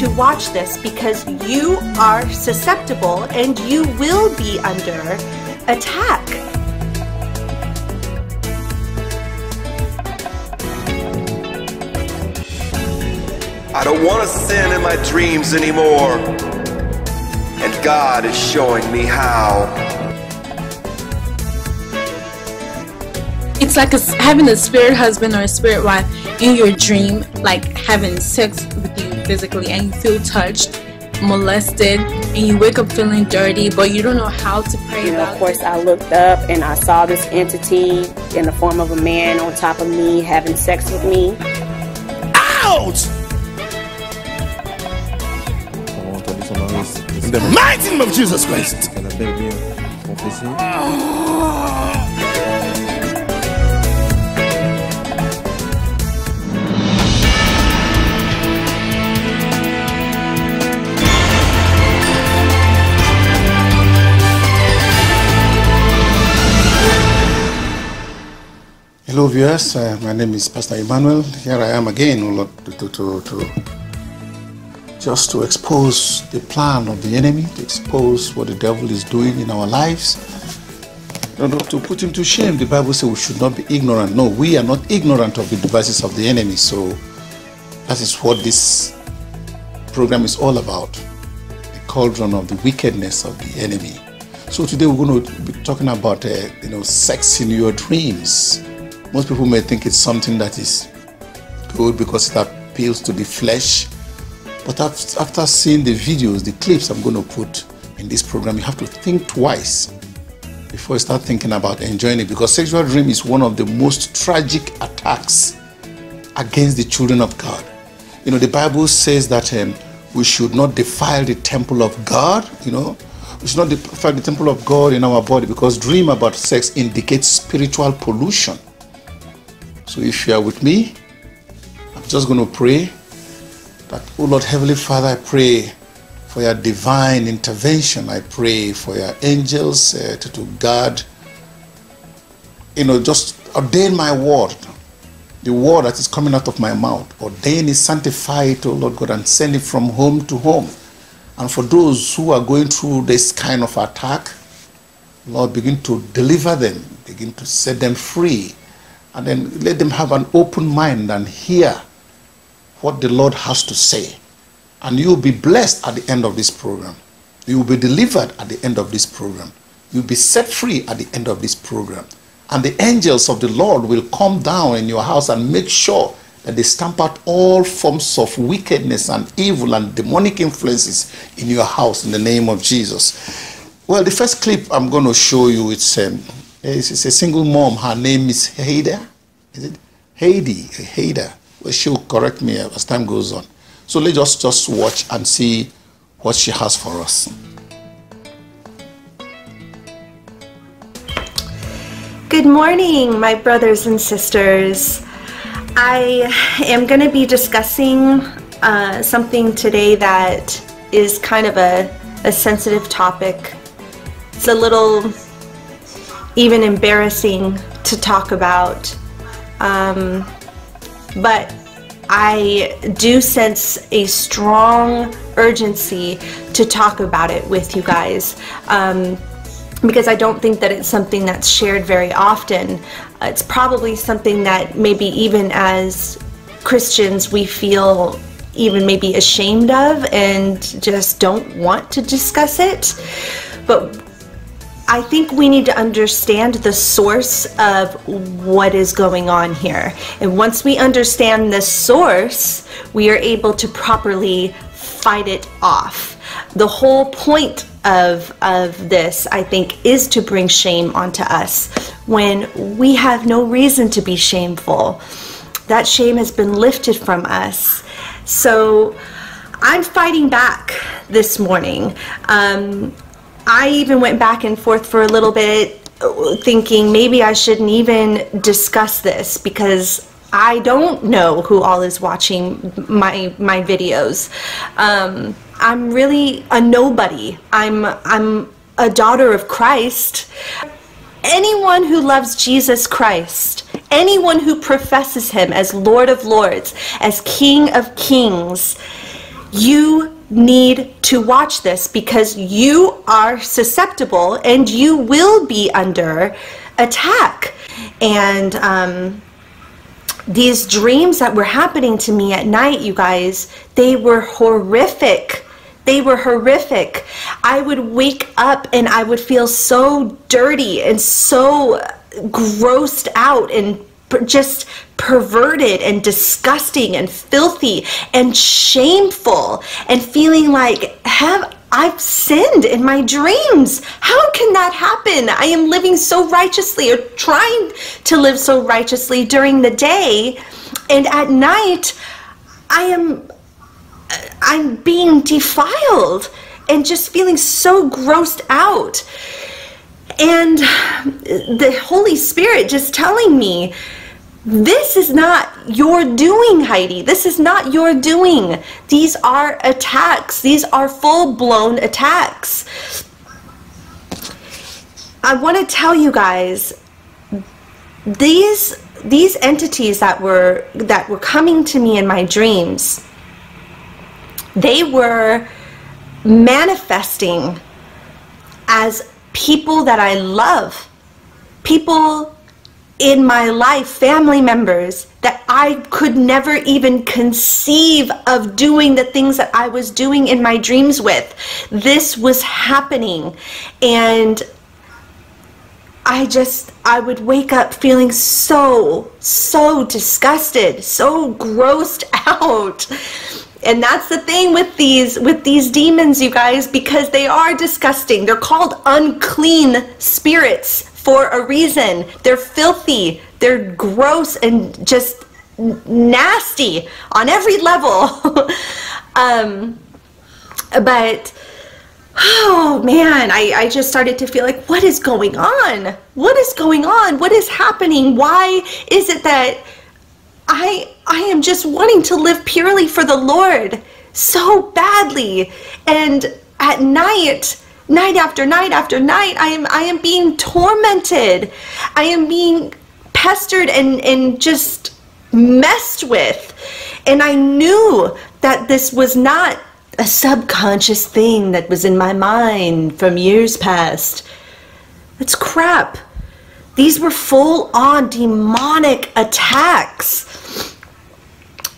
to watch this because you are susceptible and you will be under attack. I don't want to sin in my dreams anymore. And God is showing me how. It's like a, having a spirit husband or a spirit wife in your dream, like having sex with you physically and you feel touched molested and you wake up feeling dirty but you don't know how to pray you know, of course it. i looked up and i saw this entity in the form of a man on top of me having sex with me out in the mighty name of jesus christ Hello, viewers. Uh, my name is Pastor Emmanuel. Here I am again, to, to, to, just to expose the plan of the enemy, to expose what the devil is doing in our lives, to put him to shame. The Bible says we should not be ignorant. No, we are not ignorant of the devices of the enemy. So that is what this program is all about the cauldron of the wickedness of the enemy. So today we're going to be talking about uh, you know sex in your dreams most people may think it's something that is good because it appeals to the flesh. But after seeing the videos, the clips I'm going to put in this program, you have to think twice before you start thinking about enjoying it because sexual dream is one of the most tragic attacks against the children of God. You know, the Bible says that um, we should not defile the temple of God, you know. We should not defile the temple of God in our body because dream about sex indicates spiritual pollution. So if you are with me, I'm just going to pray that, oh Lord Heavenly Father, I pray for your divine intervention. I pray for your angels uh, to, to guard, you know, just ordain my word. The word that is coming out of my mouth, ordain it, sanctify it, oh Lord God, and send it from home to home. And for those who are going through this kind of attack, Lord, begin to deliver them, begin to set them free and then let them have an open mind and hear what the Lord has to say. And you'll be blessed at the end of this program. You'll be delivered at the end of this program. You'll be set free at the end of this program. And the angels of the Lord will come down in your house and make sure that they stamp out all forms of wickedness and evil and demonic influences in your house in the name of Jesus. Well, the first clip I'm going to show you, it's um, it's, a single mom. Her name is Haida. Is it Heidi? Haida. Well, she'll correct me as time goes on. So let's just, just watch and see what she has for us. Good morning, my brothers and sisters. I am going to be discussing uh, something today that is kind of a, a sensitive topic. It's a little even embarrassing to talk about. Um, but I do sense a strong urgency to talk about it with you guys um, because I don't think that it's something that's shared very often. It's probably something that maybe even as Christians we feel even maybe ashamed of and just don't want to discuss it. But I think we need to understand the source of what is going on here. And once we understand the source, we are able to properly fight it off. The whole point of, of this, I think, is to bring shame onto us when we have no reason to be shameful. That shame has been lifted from us. So I'm fighting back this morning. Um, I even went back and forth for a little bit uh, thinking maybe I shouldn't even discuss this because I don't know who all is watching my my videos. Um, I'm really a nobody. I'm I'm a daughter of Christ. Anyone who loves Jesus Christ, anyone who professes him as Lord of Lords, as King of Kings, you need to watch this because you are susceptible and you will be under attack. And um, these dreams that were happening to me at night, you guys, they were horrific. They were horrific. I would wake up and I would feel so dirty and so grossed out and just perverted and disgusting and filthy and shameful and feeling like, have I've sinned in my dreams. How can that happen? I am living so righteously or trying to live so righteously during the day and at night I am uh, I'm being defiled and just feeling so grossed out. And the Holy Spirit just telling me this is not your doing, Heidi. This is not your doing. These are attacks. These are full blown attacks. I want to tell you guys these these entities that were that were coming to me in my dreams they were manifesting as people that I love people in my life, family members that I could never even conceive of doing the things that I was doing in my dreams with. This was happening. And I just, I would wake up feeling so, so disgusted, so grossed out and that's the thing with these with these demons you guys because they are disgusting they're called unclean spirits for a reason they're filthy they're gross and just nasty on every level um but oh man I, I just started to feel like what is going on what is going on what is happening why is it that I I am just wanting to live purely for the Lord so badly. And at night, night after night after night, I am I am being tormented. I am being pestered and, and just messed with. And I knew that this was not a subconscious thing that was in my mind from years past. It's crap. These were full on demonic attacks.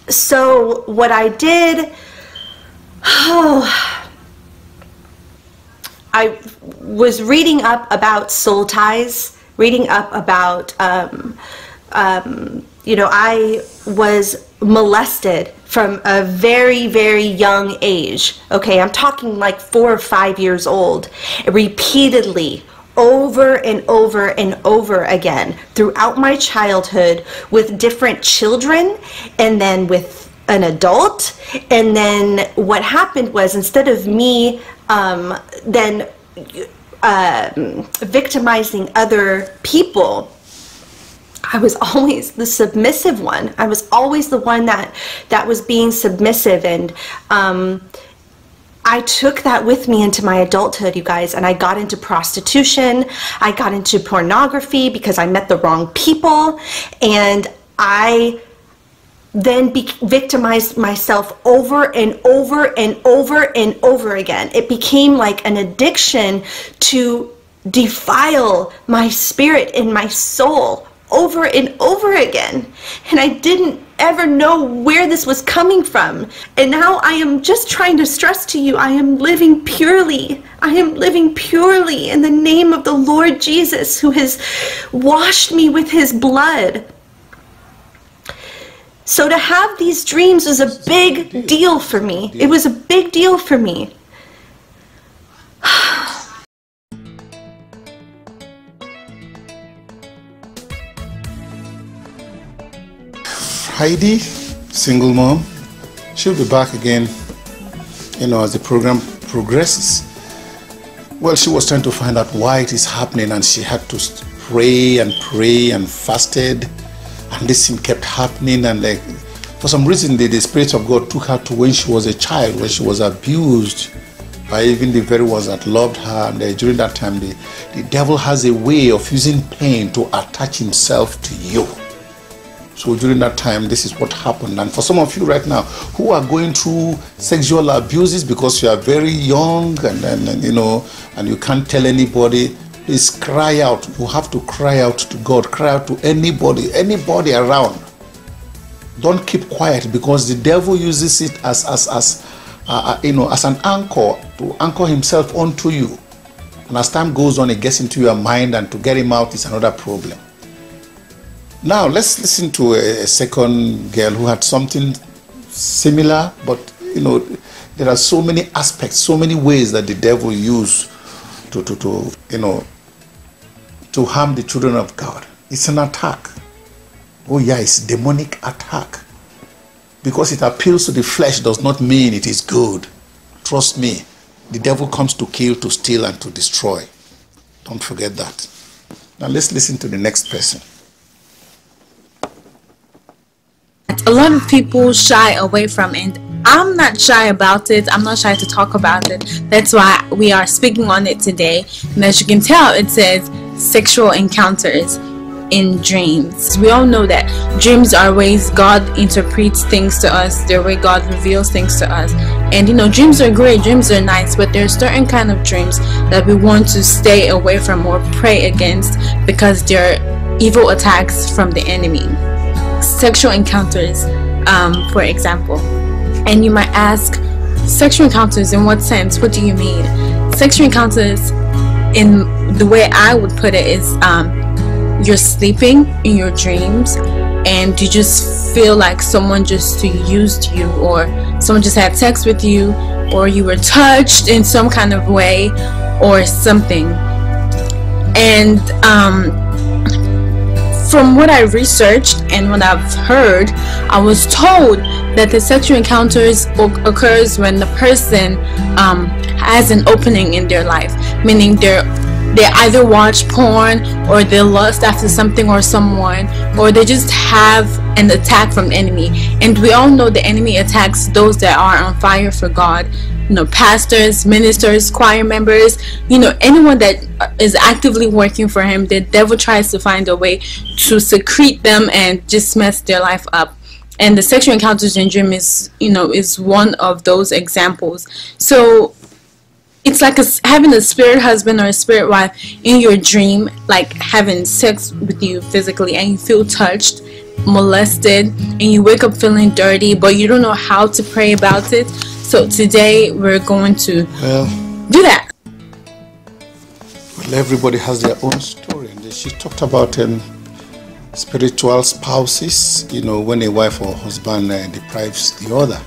So, what I did, oh, I was reading up about soul ties, reading up about, um, um, you know, I was molested from a very, very young age. Okay, I'm talking like four or five years old, repeatedly over and over and over again throughout my childhood with different children and then with an adult. And then what happened was instead of me um, then uh, victimizing other people, I was always the submissive one. I was always the one that that was being submissive and um, I took that with me into my adulthood, you guys, and I got into prostitution. I got into pornography because I met the wrong people. And I then be- victimized myself over and over and over and over again. It became like an addiction to defile my spirit and my soul over and over again. And I didn't ever know where this was coming from. And now I am just trying to stress to you I am living purely. I am living purely in the name of the Lord Jesus who has washed me with his blood. So to have these dreams was a big deal for me. It was a big deal for me. Heidi, single mom. She'll be back again, you know, as the program progresses. Well, she was trying to find out why it is happening and she had to pray and pray and fasted and this thing kept happening and like, for some reason the, the Spirit of God took her to when she was a child, when she was abused by even the very ones that loved her. And uh, during that time, the, the devil has a way of using pain to attach himself to you. So during that time, this is what happened. And for some of you right now who are going through sexual abuses because you are very young and, and, and you know, and you can't tell anybody, please cry out. You have to cry out to God, cry out to anybody, anybody around. Don't keep quiet because the devil uses it as, as, as, uh, uh you know, as an anchor to anchor himself onto you. And as time goes on, it gets into your mind, and to get him out is another problem. Now let's listen to a, a, second girl who had something similar, but you know, there are so many aspects, so many ways that the devil used to, to, to you know to harm the children of God. It's an attack. Oh yeah, it's demonic attack. Because it appeals to the flesh does not mean it is good. Trust me, the devil comes to kill, to steal, and to destroy. Don't forget that. Now let's listen to the next person. a lot of people shy away from and I'm not shy about it. I'm not shy to talk about it. That's why we are speaking on it today. And as you can tell, it says sexual encounters in dreams. We all know that dreams are ways God interprets things to us, they're way God reveals things to us. And you know, dreams are great, dreams are nice, but there are certain kind of dreams that we want to stay away from or pray against because they're evil attacks from the enemy sexual encounters, um, for example. And you might ask, sexual encounters in what sense? What do you mean? Sexual encounters, in the way I would put it, is um, you're sleeping in your dreams and you just feel like someone just used you or someone just had sex with you or you were touched in some kind of way or something. And um, from what I researched and what I've heard, I was told that the sexual encounters occurs when the person um, has an opening in their life, meaning they're they either watch porn or they lust after something or someone or they just have an attack from enemy and we all know the enemy attacks those that are on fire for god you know pastors ministers choir members you know anyone that uh, is actively working for him the devil tries to find a way to secrete them and just mess their life up and the sexual in syndrome is you know is one of those examples so it's like a, having a spirit husband or a spirit wife in your dream, like having sex with you physically, and you feel touched, molested, and you wake up feeling dirty, but you don't know how to pray about it. So today we're going to well, do that. Well, everybody has their own story, and she talked about um, spiritual spouses. You know, when a wife or husband uh, deprives the other,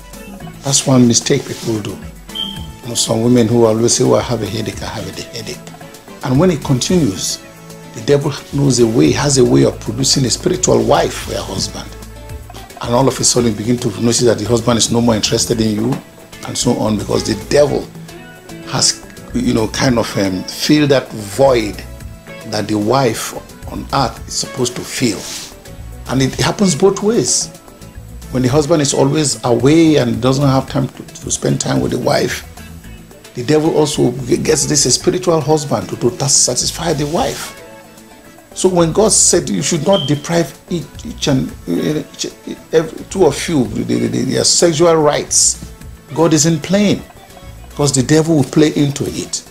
that's one mistake people do you know, some women who always say, well, I have a headache, I have a headache. And when it continues, the devil knows a way, has a way of producing a spiritual wife for your husband. And all of a sudden you begin to notice that the husband is no more interested in you and so on because the devil has, you know, kind of um, filled that void that the wife on earth is supposed to fill. And it happens both ways. When the husband is always away and doesn't have time to, to spend time with the wife, the devil also gets this spiritual husband to, to satisfy the wife. So when God said you should not deprive each and eh, each, eh, every, two of you their sexual rights, God isn't playing because the devil will play into it.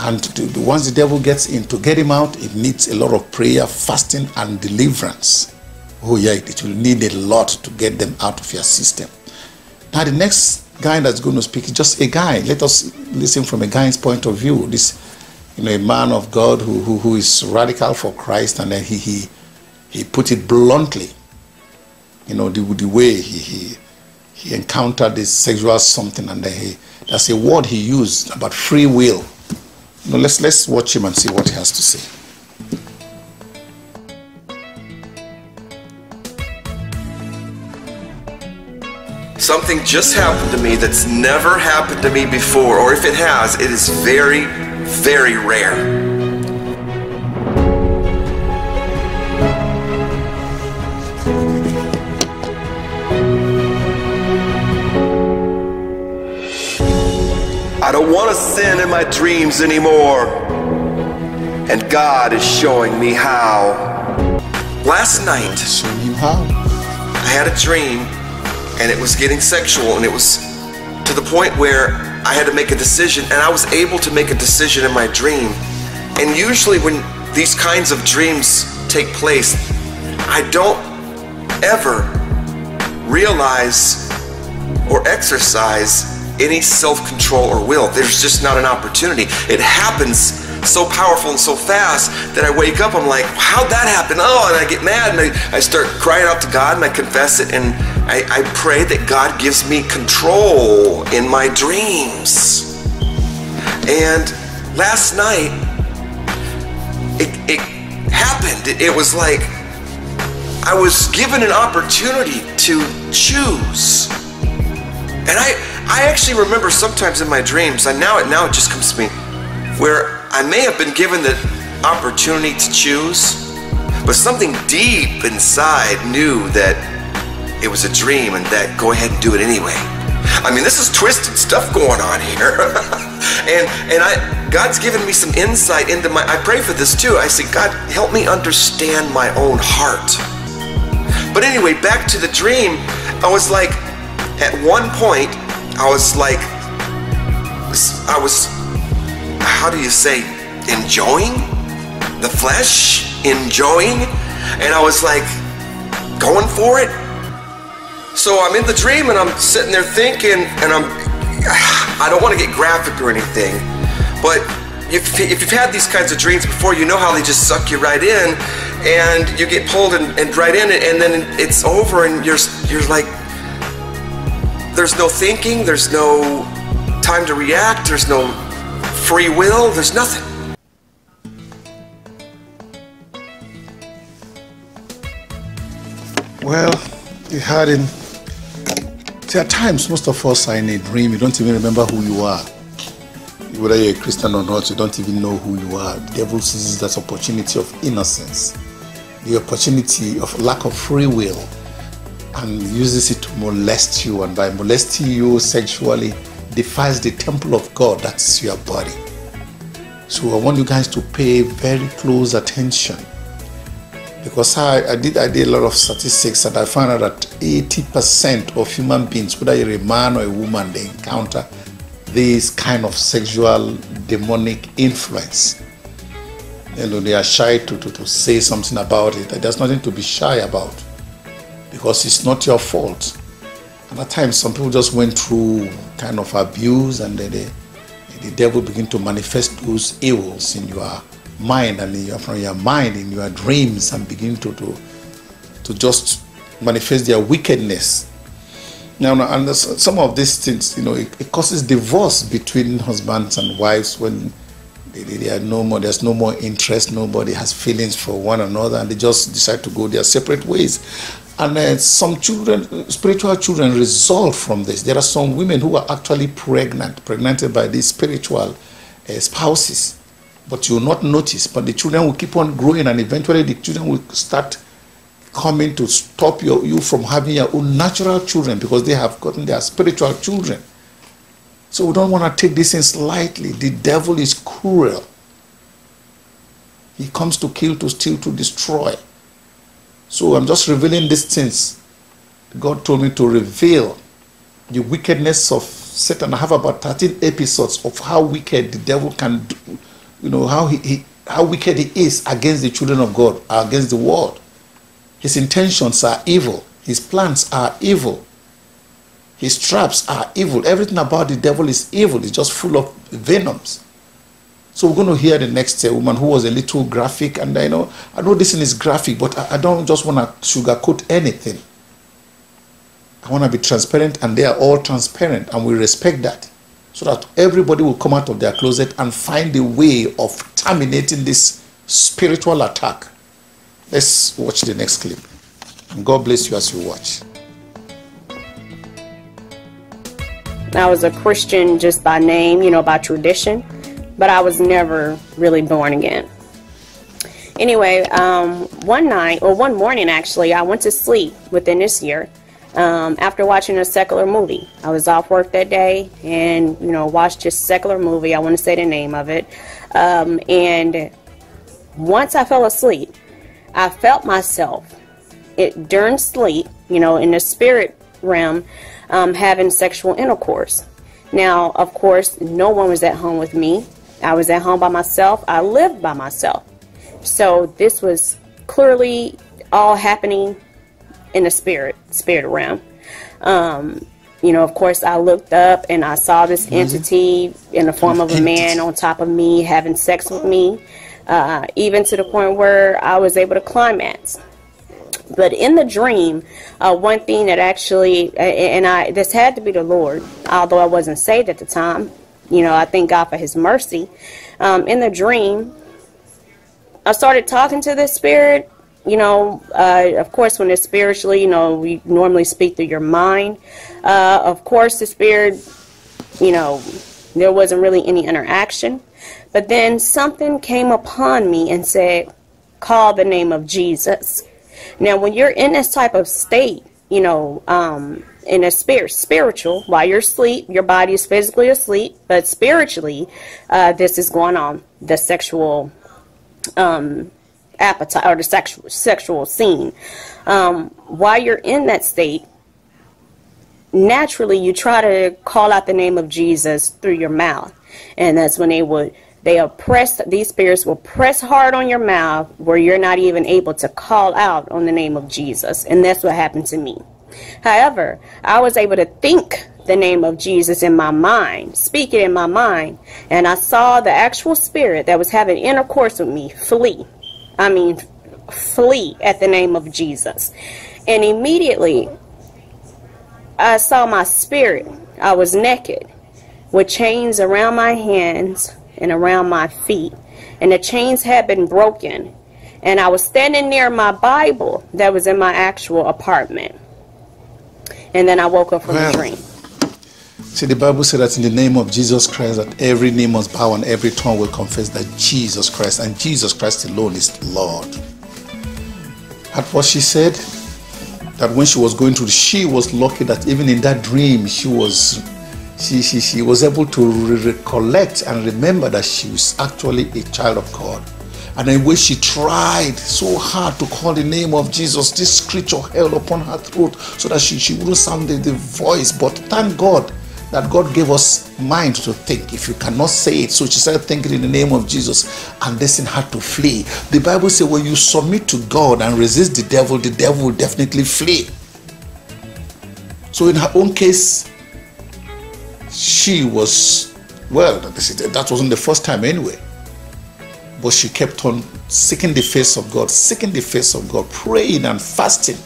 And once the devil gets in, to get him out, it needs a lot of prayer, fasting, and deliverance. Oh, yeah, it will need a lot to get them out of your system. Now, the next guy that's going to speak is just a guy. Let us listen from a guy's point of view. This, you know, a man of God who, who, who is radical for Christ, and then he, he, he put it bluntly. You know, the, the way he, he, he encountered this sexual something, and then he, that's a word he used about free will. You know, let's, let's watch him and see what he has to say. Something just happened to me that's never happened to me before, or if it has, it is very, very rare. I don't want to sin in my dreams anymore. And God is showing me how. Last night, I had a dream and it was getting sexual and it was to the point where I had to make a decision and I was able to make a decision in my dream. And usually when these kinds of dreams take place, I don't ever realize or exercise any self-control or will. There's just not an opportunity. It happens so powerful and so fast that I wake up, I'm like, how'd that happen? Oh, and I get mad and I, I start crying out to God and I confess it and I, I pray that God gives me control in my dreams. And last night, it, it happened. It, it was like I was given an opportunity to choose. And I, I actually remember sometimes in my dreams, and now it now it just comes to me, where I may have been given the opportunity to choose, but something deep inside knew that it was a dream and that go ahead and do it anyway. I mean, this is twisted stuff going on here. and and I God's given me some insight into my I pray for this too. I say, God, help me understand my own heart. But anyway, back to the dream, I was like at one point I was like I was how do you say, enjoying the flesh, enjoying. And I was like, going for it. So I'm in the dream and I'm sitting there thinking, and I'm, I don't want to get graphic or anything, but if, if you've had these kinds of dreams before, you know how they just suck you right in and you get pulled and, and right in and then it's over and you're, you're like, there's no thinking, there's no time to react, there's no free will, there's nothing. Well, you had him. There are times, most of us are in a dream. You don't even remember who you are. Whether you're a Christian or not, you don't even know who you are. The devil seizes that opportunity of innocence, the opportunity of lack of free will, and uses it to molest you. And by molesting you sexually, defies the temple of God, that's your body. So I want you guys to pay very close attention because I, I, did I did a lot of statistics and I found out that 80% of human beings, whether you're a man or a woman, they encounter this kind of sexual demonic influence. You know, they are shy to, to, to say something about it. There's nothing to be shy about because it's not your fault. At times, some people just went through kind of abuse and then the, the devil begin to manifest those evils in your mind and in your, from your mind, in your dreams and begin to, to, to just manifest their wickedness. Now, and some of these things, you know, it, it causes divorce between husbands and wives when they, they, are no more, there's no more interest, nobody has feelings for one another, and they just decide to go their separate ways. And uh, some children, spiritual children, result from this. There are some women who are actually pregnant, pregnant by these spiritual uh, spouses, but you will not notice. But the children will keep on growing, and eventually the children will start coming to stop your, you from having your own natural children because they have gotten their spiritual children. So we don't want to take this in lightly. The devil is cruel. He comes to kill, to steal, to destroy. So I'm just revealing these things. God told me to reveal the wickedness of Satan. I have about 13 episodes of how wicked the devil can do, you know, how he, he how wicked he is against the children of God, against the world. His intentions are evil. His plans are evil. His traps are evil. Everything about the devil is evil. It's just full of venoms. So we're going to hear the next uh, woman who was a little graphic, and I know I know this thing is graphic, but I, I don't just want to sugarcoat anything. I want to be transparent, and they are all transparent, and we respect that, so that everybody will come out of their closet and find a way of terminating this spiritual attack. Let's watch the next clip, and God bless you as you watch. I was a Christian just by name, you know, by tradition but I was never really born again. Anyway, um, one night, or one morning actually, I went to sleep within this year um, after watching a secular movie. I was off work that day and, you know, watched a secular movie. I want to say the name of it. Um, and once I fell asleep, I felt myself it, during sleep, you know, in the spirit realm, um, having sexual intercourse. Now, of course, no one was at home with me. I was at home by myself. I lived by myself. So this was clearly all happening in the spirit spirit realm. Um, you know, of course, I looked up and I saw this mm-hmm. entity in the form of a man on top of me having sex with me, uh, even to the point where I was able to climax. But in the dream, uh, one thing that actually, and I this had to be the Lord, although I wasn't saved at the time, you know, I thank God for his mercy. Um, in the dream, I started talking to this spirit. You know, uh, of course, when it's spiritually, you know, we normally speak through your mind. Uh, of course, the spirit, you know, there wasn't really any interaction. But then something came upon me and said, call the name of Jesus. Now, when you're in this type of state, you know, um, in a spirit, spiritual, while you're asleep, your body is physically asleep, but spiritually, uh, this is going on. The sexual um, appetite or the sexual sexual scene. Um, while you're in that state, naturally you try to call out the name of Jesus through your mouth, and that's when they would they oppress these spirits will press hard on your mouth where you're not even able to call out on the name of Jesus, and that's what happened to me. However, I was able to think the name of Jesus in my mind, speak it in my mind, and I saw the actual spirit that was having intercourse with me flee. I mean, flee at the name of Jesus. And immediately, I saw my spirit. I was naked with chains around my hands and around my feet, and the chains had been broken. And I was standing near my Bible that was in my actual apartment and then I woke up from well, dream. See, the Bible said that in the name of Jesus Christ, that every name must bow and every tongue will confess that Jesus Christ and Jesus Christ alone is Lord. At what she said, that when she was going through, she was lucky that even in that dream, she was she, she, she was able to re recollect and remember that she was actually a child of God. And the way she tried so hard to call the name of Jesus, this creature held upon her throat so that she, she wouldn't sound the, the voice. But thank God that God gave us mind to think. If you cannot say it, so she started thinking in the name of Jesus, and this thing had to flee. The Bible says when you submit to God and resist the devil, the devil will definitely flee. So in her own case, she was well. That wasn't the first time anyway. But she kept on seeking the face of God, seeking the face of God, praying and fasting.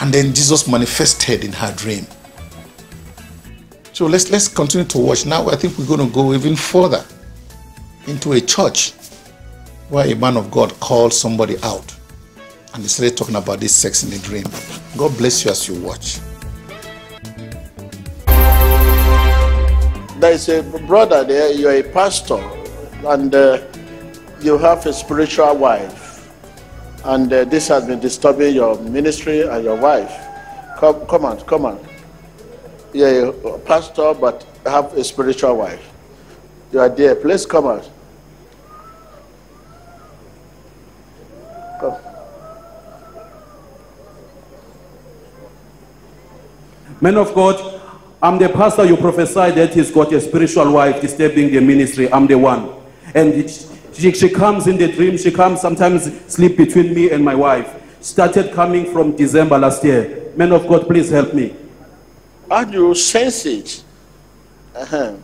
And then Jesus manifested in her dream. So let's let's continue to watch. Now I think we're going to go even further into a church where a man of God called somebody out and he started talking about this sex in the dream. God bless you as you watch. There is a brother there, you are a pastor, and uh, you have a spiritual wife, and uh, this has been disturbing your ministry and your wife. Come, come on, come on. You're a uh, pastor, but have a spiritual wife. You are there. Please come out. Come. Men of God, I'm the pastor you prophesied that he's got a spiritual wife disturbing the ministry. I'm the one. And she, she comes in the dream, she comes sometimes sleep between me and my wife. Started coming from December last year. Man of God, please help me. I do you sense it? Uh-huh.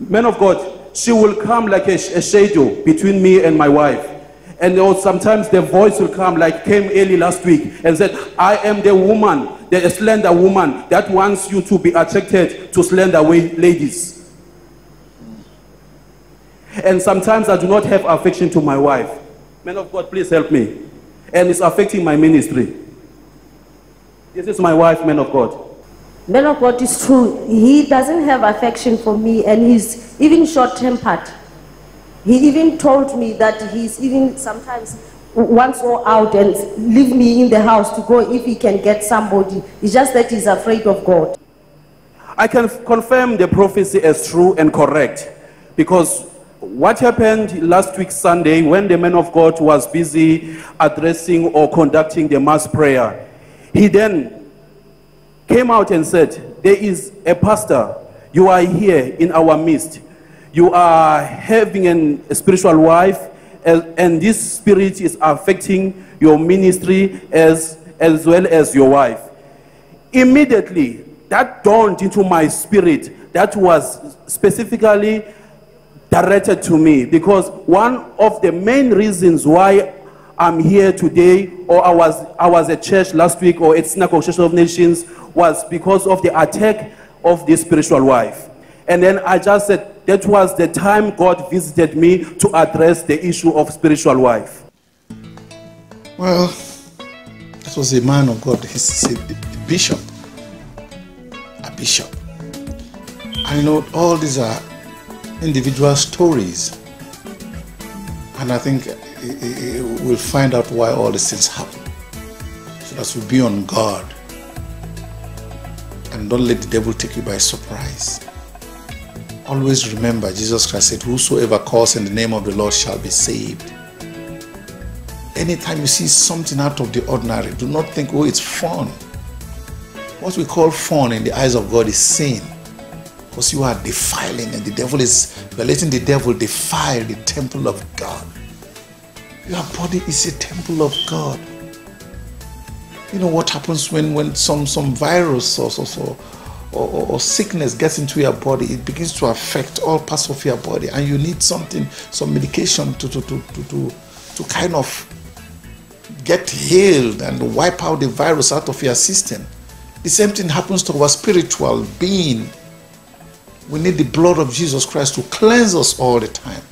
Man of God, she will come like a, a shadow between me and my wife. And sometimes the voice will come, like came early last week, and said, I am the woman, the slender woman that wants you to be attracted to slender ladies. And sometimes I do not have affection to my wife. Man of God, please help me. And it's affecting my ministry. This is my wife, man of God. Man of God is true. He doesn't have affection for me and he's even short-tempered. He even told me that he's even sometimes once or out and leave me in the house to go if he can get somebody. It's just that he's afraid of God. I can confirm the prophecy as true and correct because what happened last week Sunday when the man of God was busy addressing or conducting the mass prayer, he then came out and said, there is a pastor, you are here in our midst. You are having an, a spiritual wife and, and this spirit is affecting your ministry as, as well as your wife. Immediately, that dawned into my spirit. That was specifically directed to me because one of the main reasons why I'm here today or I was, I was at church last week or at Synagogue Church of Nations was because of the attack of the spiritual wife. And then I just said that was the time God visited me to address the issue of spiritual wife. Well, that was a man of God. He's a bishop. A bishop. I know all these are individual stories. And I think we'll find out why all these things happen. So that's we be on guard and don't let the devil take you by surprise. Always remember, Jesus Christ said, Whosoever calls in the name of the Lord shall be saved. Anytime you see something out of the ordinary, do not think, oh, it's fun. What we call fun in the eyes of God is sin. Because you are defiling, and the devil is, you are letting the devil defile the temple of God. Your body is a temple of God. You know what happens when, when some, some virus or, or, or, or sickness gets into your body, it begins to affect all parts of your body, and you need something, some medication to, to, to, to, to, to kind of get healed and wipe out the virus out of your system. The same thing happens to our spiritual being. We need the blood of Jesus Christ to cleanse us all the time.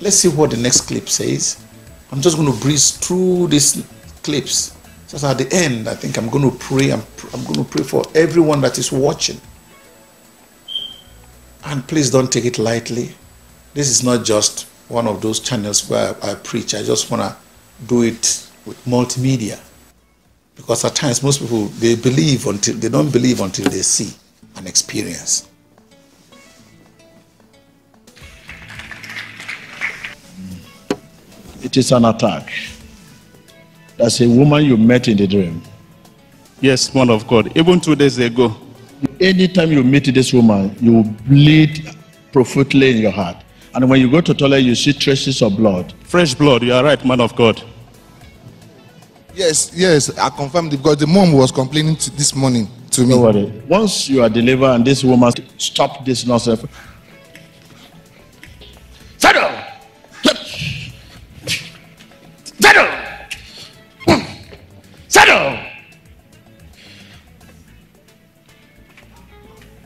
Let's see what the next clip says. I'm just going to breeze through these clips. Just at the end, I think I'm going to pray. I'm, I'm going to pray for everyone that is watching. And please don't take it lightly. This is not just one of those channels where I, I preach. I just want to do it with multimedia because at times most people they believe until they don't believe until they see and experience It is an attack. That's a woman you met in the dream. Yes, man of God. Even two days ago. Anytime you meet this woman, you bleed profusely in your heart. And when you go to toilet, you see traces of blood. Fresh blood. You are right, man of God. Yes, yes, I confirmed it because the mom was complaining this morning to me. Once you are delivered and this woman stop this nonsense,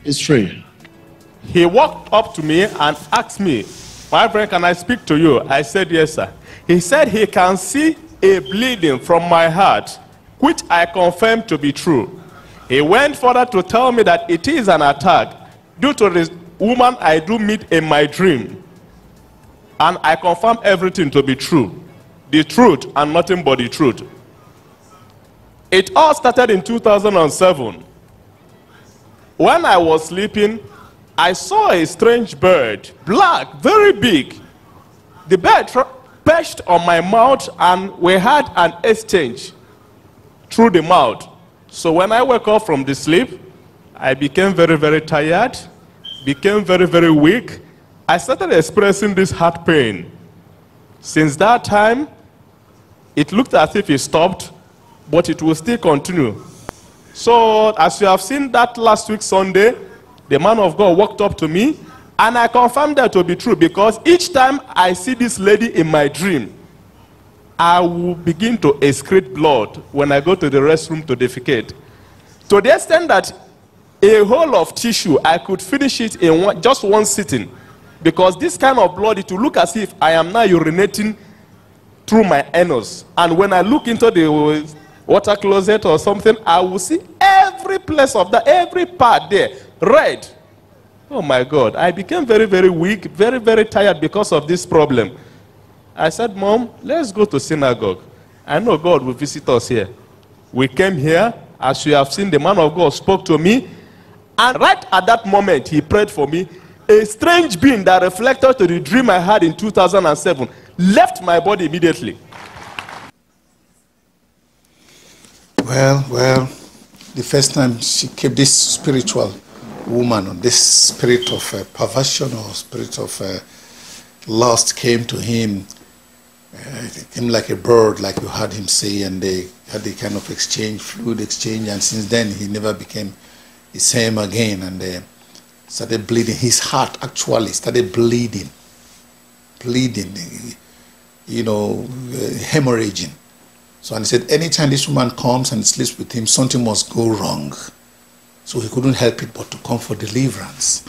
It's true. He walked up to me and asked me, My friend, can I speak to you? I said, Yes, sir. He said he can see a bleeding from my heart, which I confirmed to be true. He went further to tell me that it is an attack due to this woman I do meet in my dream. And I confirm everything to be true. The truth and nothing but the truth. It all started in 2007 when I was sleeping, I saw a strange bird, black, very big. The bird perched on my mouth and we had an exchange through the mouth. So when I woke up from the sleep, I became very, very tired, became very, very weak. I started experiencing this heart pain. Since that time, it looked as if it stopped, but it will still continue. So, as you have seen that last week, Sunday, the man of God walked up to me and I confirmed that to be true because each time I see this lady in my dream, I will begin to excrete blood when I go to the restroom to defecate. To the extent that a whole of tissue, I could finish it in one, just one sitting. Because this kind of blood, it will look as if I am now urinating through my anus. And when I look into the water closet or something, I will see every place of that, every part there, red. Oh my God, I became very, very weak, very, very tired because of this problem. I said, Mom, let's go to synagogue. I know God will visit us here. We came here, as you have seen, the man of God spoke to me. And right at that moment, he prayed for me. A strange being that reflected to the dream I had in 2007 left my body immediately. Well, well, the first time she kept this spiritual woman, this spirit of uh, perversion or spirit of uh, lust came to him. Uh, it came like a bird, like you heard him say, and they had a kind of exchange, fluid exchange, and since then he never became the same again, and uh, started bleeding. His heart actually started bleeding, bleeding, you know, uh, hemorrhaging. So and he said, anytime this woman comes and sleeps with him, something must go wrong. So he couldn't help it but to come for deliverance.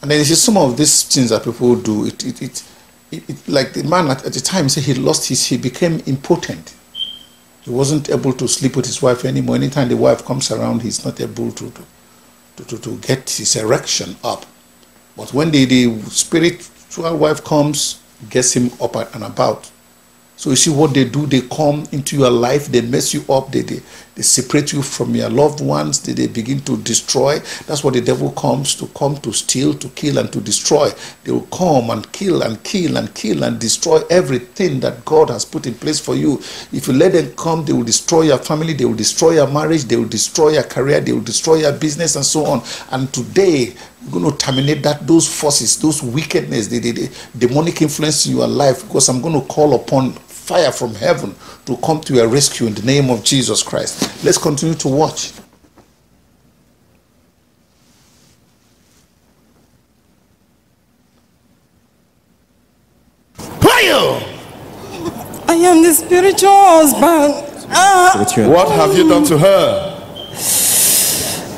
And then you see some of these things that people do. It, it, it, it, it like the man at, at the time said he lost his, he became impotent. He wasn't able to sleep with his wife anymore. Anytime the wife comes around, he's not able to, to, to, to, to get his erection up. But when the, the spiritual wife comes, gets him up and about, so you see what they do, they come into your life, they mess you up, they, they, they separate you from your loved ones, they, they begin to destroy. That's what the devil comes to come to steal, to kill, and to destroy. They will come and kill and kill and kill and destroy everything that God has put in place for you. If you let them come, they will destroy your family, they will destroy your marriage, they will destroy your career, they will destroy your business, and so on. And today, you're going to terminate that those forces, those wickedness, the, the, the demonic influence in your life, because I'm going to call upon fire from heaven to come to your rescue in the name of Jesus Christ. Let's continue to watch. I am the spiritual husband. Ah. What have you done to her?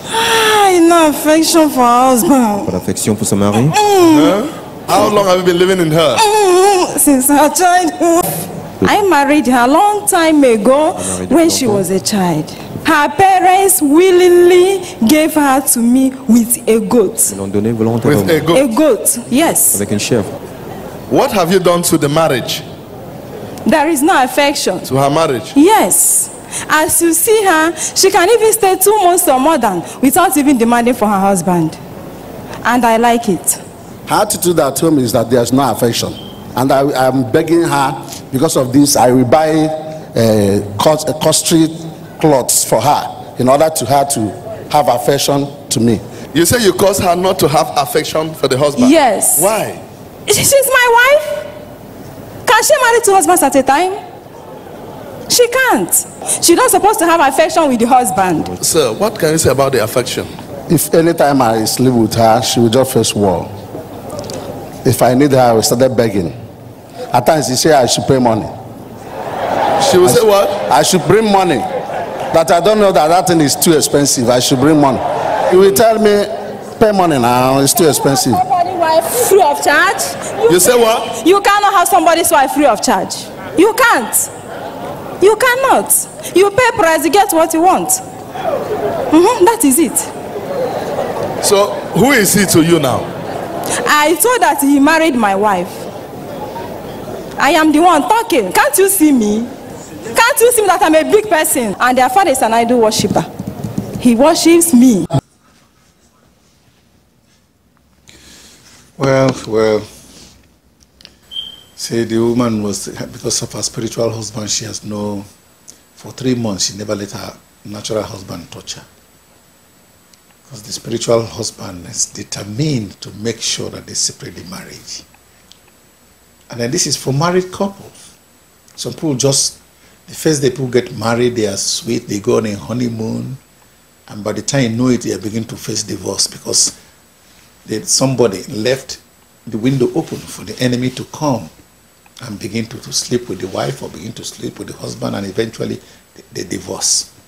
Ah, une affection for her husband. Pas affection pour son mari. Mm. Huh? How long have you been living in her? Mm, since her childhood. I married her a long time ago when she was a child. Her parents willingly gave her to me with a goat. With a goat. A goat, yes. What have you done to the marriage? There is no affection. To her marriage? Yes. As you see her, she can even stay two months or more than without even demanding for her husband. And I like it. Her attitude at home is that there's no affection. And I, am begging her, because of this, I will buy a, cost, a costly clothes for her in order to her to have affection to me. You say you caused her not to have affection for the husband? Yes. Why? She's my wife. Can she marry two husbands at a time? She can't. She's not supposed to have affection with the husband. Sir, what can you say about the affection? If any time I sleep with her, she will just first war. If I need her, I will start begging. At times he say I should pay money. She will I say what? I should bring money. That I don't know that that thing is too expensive. I should bring money. You will tell me, pay money now. It's too expensive. Somebody's wife free of charge. You, you say what? You cannot have somebody's wife free of charge. You can't. You cannot. You pay price, you get what you want. Mm-hmm, that is it. So who is he to you now? I thought that he married my wife. I am the one talking. Can't you see me? Can't you see that I'm a big person? And their father is an idol worshiper. He worships me. Well, well. See, the woman was, because of her spiritual husband, she has no, for three months, she never let her natural husband touch her. Because the spiritual husband is determined to make sure that they separate the marriage. And then this is for married couples. Some people just, the first day people get married, they are sweet, they go on a honeymoon. And by the time you know it, they are beginning to face divorce because they, somebody left the window open for the enemy to come and begin to, to sleep with the wife or begin to sleep with the husband and eventually they, they divorce.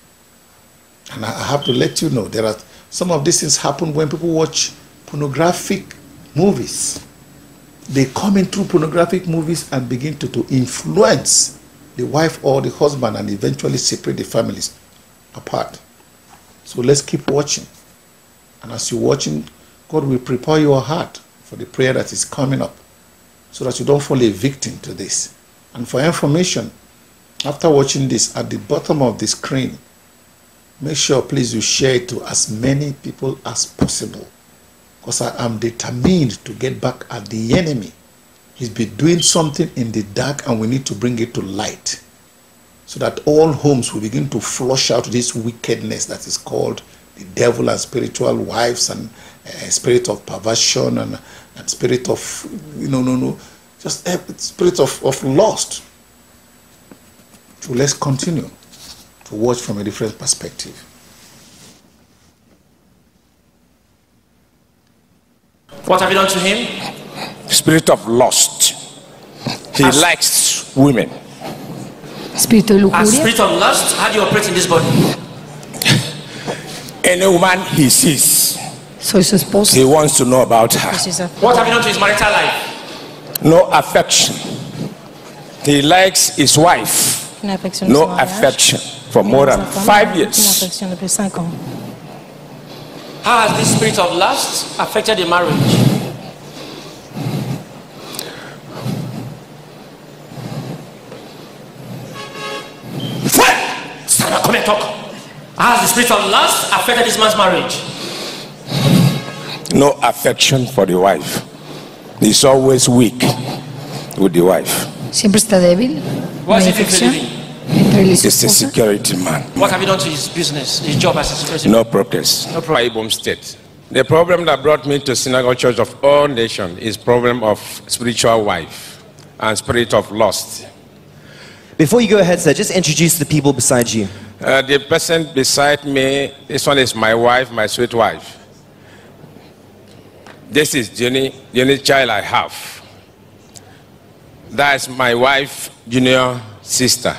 And I, I have to let you know, there are some of these things happen when people watch pornographic movies they come in through pornographic movies and begin to, to influence the wife or the husband and eventually separate the families apart. So let's keep watching. And as you're watching, God will prepare your heart for the prayer that is coming up so that you don't fall a victim to this. And for information, after watching this, at the bottom of the screen, make sure please you share it to as many people as possible because I am determined to get back at the enemy. He's been doing something in the dark and we need to bring it to light so that all homes will begin to flush out this wickedness that is called the devil and spiritual wives and uh, spirit of perversion and, and spirit of you know no no just uh, spirit of, of lust so let's continue to watch from a different perspective What have you done to him? Spirit of lust. He As likes women. Spirit of spirit of lust, how do you operate in this body? Any woman he sees, so it's supposed he wants to know about her. What have you done to his marital life? No affection. He likes his wife. No affection for more than five years. How has this spirit of lust affected the marriage? Come and talk. How has the spirit of lust affected this man's marriage? No affection for the wife. He's always weak with the wife. Siempre está débil. What's no affection? enterarily He's a security man. What have you done to his business, his job as a security No protest. No problem. State. The problem that brought me to Synagogue Church of all nations is problem of spiritual wife and spirit of lust. Before you go ahead, sir, just introduce the people beside you. Uh, the person beside me, this one is my wife, my sweet wife. This is Jenny, the only child I have. That's my wife, junior sister.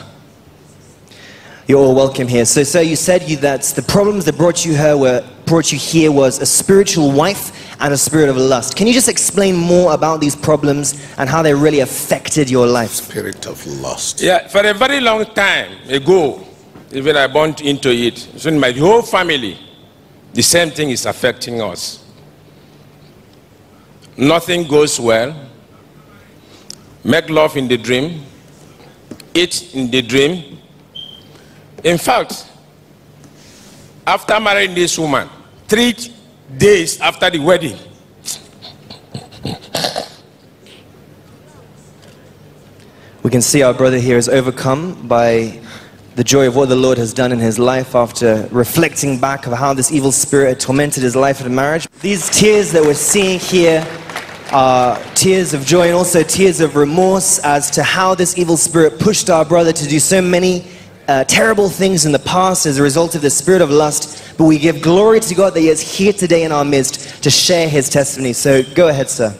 You're all welcome here. So, sir, you said you that the problems that brought you here were brought you here was a spiritual wife and a spirit of lust. Can you just explain more about these problems and how they really affected your life? Spirit of lust. Yeah, for a very long time ago, even I burnt into it. So in my whole family, the same thing is affecting us. Nothing goes well. Make love in the dream, eat in the dream, in fact, after marrying this woman, three days after the wedding, we can see our brother here is overcome by the joy of what the Lord has done in his life after reflecting back of how this evil spirit had tormented his life and marriage. These tears that we're seeing here are tears of joy and also tears of remorse as to how this evil spirit pushed our brother to do so many uh, terrible things in the past as a result of the spirit of lust, but we give glory to God that He is here today in our midst to share His testimony. So go ahead, sir.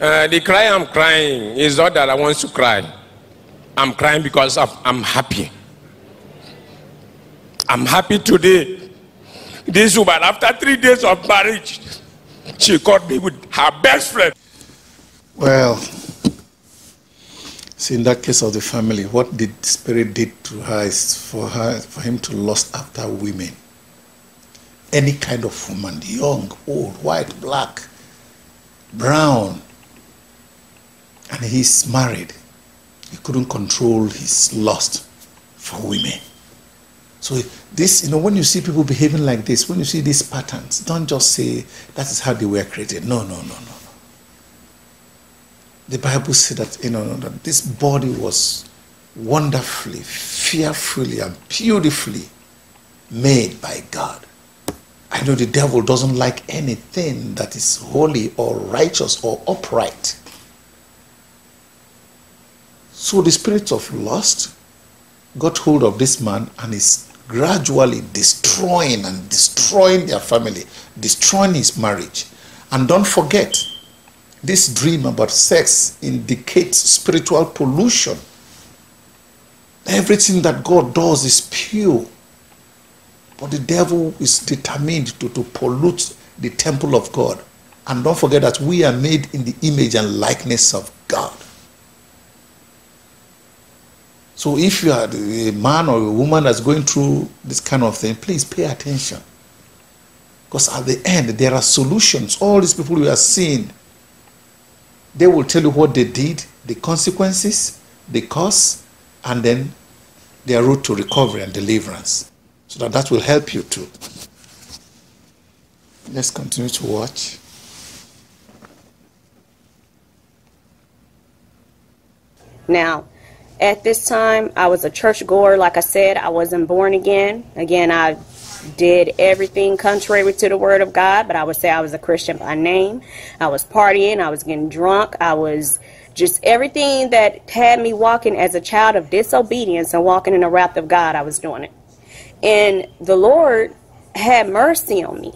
Uh, the cry I'm crying is not that I want to cry. I'm crying because I'm, I'm happy. I'm happy today. This woman, after three days of marriage, she caught me with her best friend. Well, so in that case of the family, what the spirit did to her is for her for him to lust after women. Any kind of woman, young, old, white, black, brown. And he's married. He couldn't control his lust for women. So this, you know, when you see people behaving like this, when you see these patterns, don't just say that is how they were created. No, no, no, no the Bible said that you know that this body was wonderfully, fearfully, and beautifully made by God. I know the devil doesn't like anything that is holy or righteous or upright. So the spirit of lust got hold of this man and is gradually destroying and destroying their family, destroying his marriage. And don't forget, this dream about sex indicates spiritual pollution. Everything that God does is pure. But the devil is determined to, to pollute the temple of God. And don't forget that we are made in the image and likeness of God. So if you are a man or a woman that's going through this kind of thing, please pay attention. Because at the end, there are solutions. All these people we are seeing they will tell you what they did, the consequences, the cause, and then their route to recovery and deliverance. So that that will help you too. Let's continue to watch. Now, at this time, I was a churchgoer. Like I said, I wasn't born again. Again, I did everything contrary to the word of God, but I would say I was a Christian by name. I was partying, I was getting drunk, I was just everything that had me walking as a child of disobedience and walking in the wrath of God, I was doing it. And the Lord had mercy on me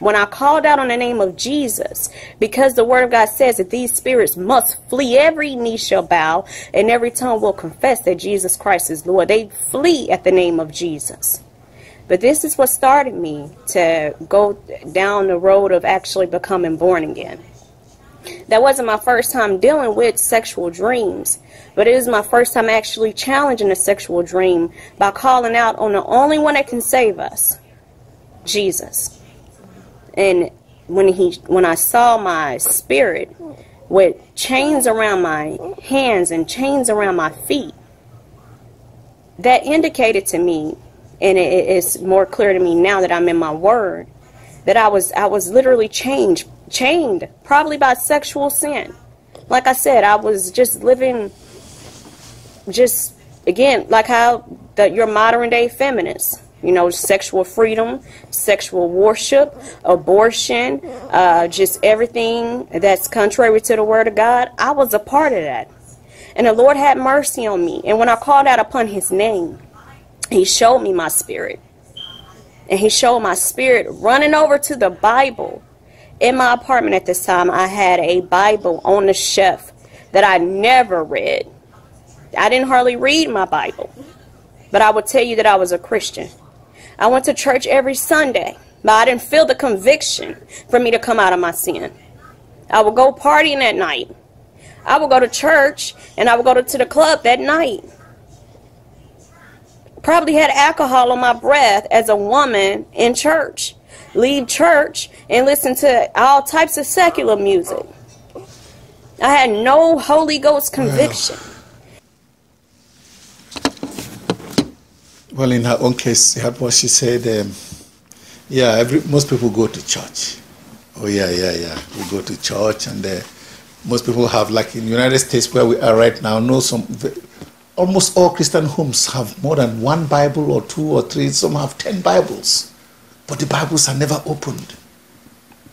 when I called out on the name of Jesus, because the word of God says that these spirits must flee. Every knee shall bow and every tongue will confess that Jesus Christ is Lord. They flee at the name of Jesus. But this is what started me to go down the road of actually becoming born again. That wasn't my first time dealing with sexual dreams, but it was my first time actually challenging a sexual dream by calling out on the only one that can save us, Jesus. And when he when I saw my spirit with chains around my hands and chains around my feet, that indicated to me and it's more clear to me now that I'm in my word that I was I was literally chained chained probably by sexual sin. Like I said, I was just living just again like how your modern day feminists you know, sexual freedom, sexual worship, abortion, uh, just everything that's contrary to the word of God. I was a part of that. And the Lord had mercy on me. And when I called out upon his name, he showed me my spirit. And he showed my spirit running over to the Bible. In my apartment at this time, I had a Bible on the shelf that I never read. I didn't hardly read my Bible, but I would tell you that I was a Christian. I went to church every Sunday, but I didn't feel the conviction for me to come out of my sin. I would go partying at night. I would go to church and I would go to, to the club that night probably had alcohol on my breath as a woman in church, leave church and listen to all types of secular music. I had no Holy Ghost conviction. Well, in her own case, what she said, um, yeah, every, most people go to church. Oh, yeah, yeah, yeah. We go to church, and uh, most people have, like in the United States where we are right now, know some almost all Christian homes have more than one Bible or two or three. Some have 10 Bibles, but the Bibles are never opened.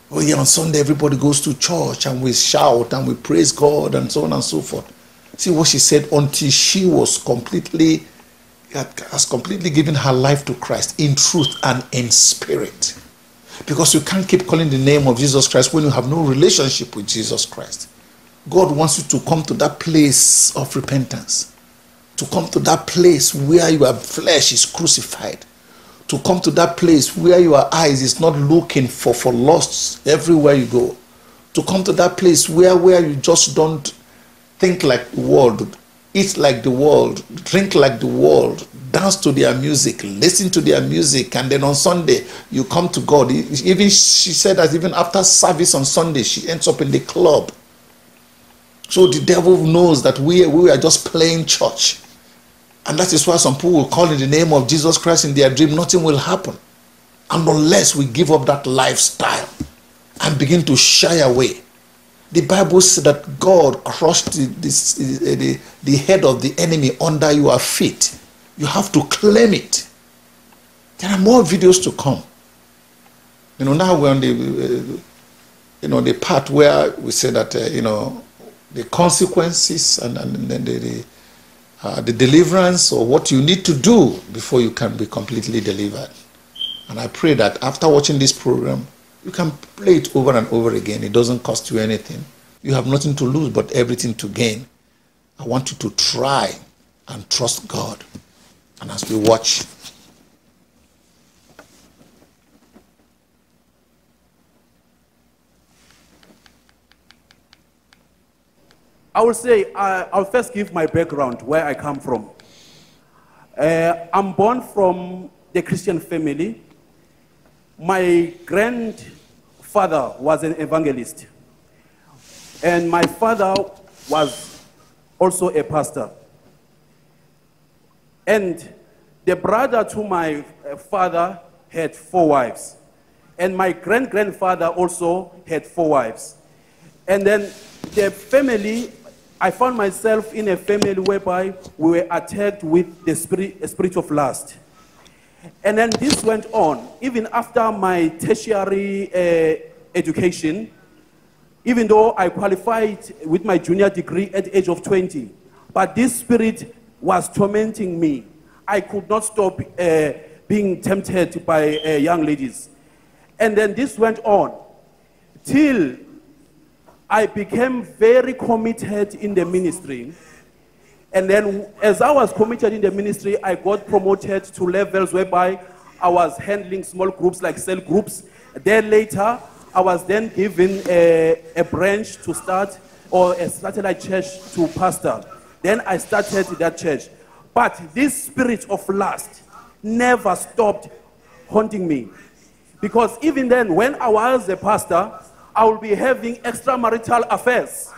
Well, yeah, oh, on Sunday, everybody goes to church and we shout and we praise God and so on and so forth. See what she said until she was completely, has completely given her life to Christ in truth and in spirit. Because you can't keep calling the name of Jesus Christ when you have no relationship with Jesus Christ. God wants you to come to that place of repentance to come to that place where your flesh is crucified, to come to that place where your eyes is not looking for, for lusts everywhere you go, to come to that place where, where you just don't think like the world, eat like the world, drink like the world, dance to their music, listen to their music, and then on Sunday you come to God. Even she said that even after service on Sunday, she ends up in the club. So the devil knows that we, we are just playing church. And that is why some people will call in the name of Jesus Christ in their dream, nothing will happen. And unless we give up that lifestyle and begin to shy away. The Bible says that God crushed the, the, the, the head of the enemy under your feet. You have to claim it. There are more videos to come. You know, now we're on the, uh, you know, the part where we say that, uh, you know, the consequences and, and, and the, the uh, the deliverance or what you need to do before you can be completely delivered. And I pray that after watching this program, you can play it over and over again. It doesn't cost you anything. You have nothing to lose but everything to gain. I want you to try and trust God. And as we watch, I will say, uh, I'll first give my background, where I come from. Uh, I'm born from the Christian family. My grandfather was an evangelist, and my father was also a pastor. And the brother to my uh, father had four wives, and my grand grandfather also had four wives. And then the family I found myself in a family whereby we were attacked with the spirit, spirit of lust. And then this went on, even after my tertiary uh, education, even though I qualified with my junior degree at the age of 20, but this spirit was tormenting me. I could not stop uh, being tempted by uh, young ladies. And then this went on till I became very committed in the ministry. And then, as I was committed in the ministry, I got promoted to levels whereby I was handling small groups like cell groups. Then later, I was then given a, a branch to start or a satellite church to pastor. Then I started that church. But this spirit of lust never stopped haunting me. Because even then, when I was a pastor, I will be having extramarital affairs.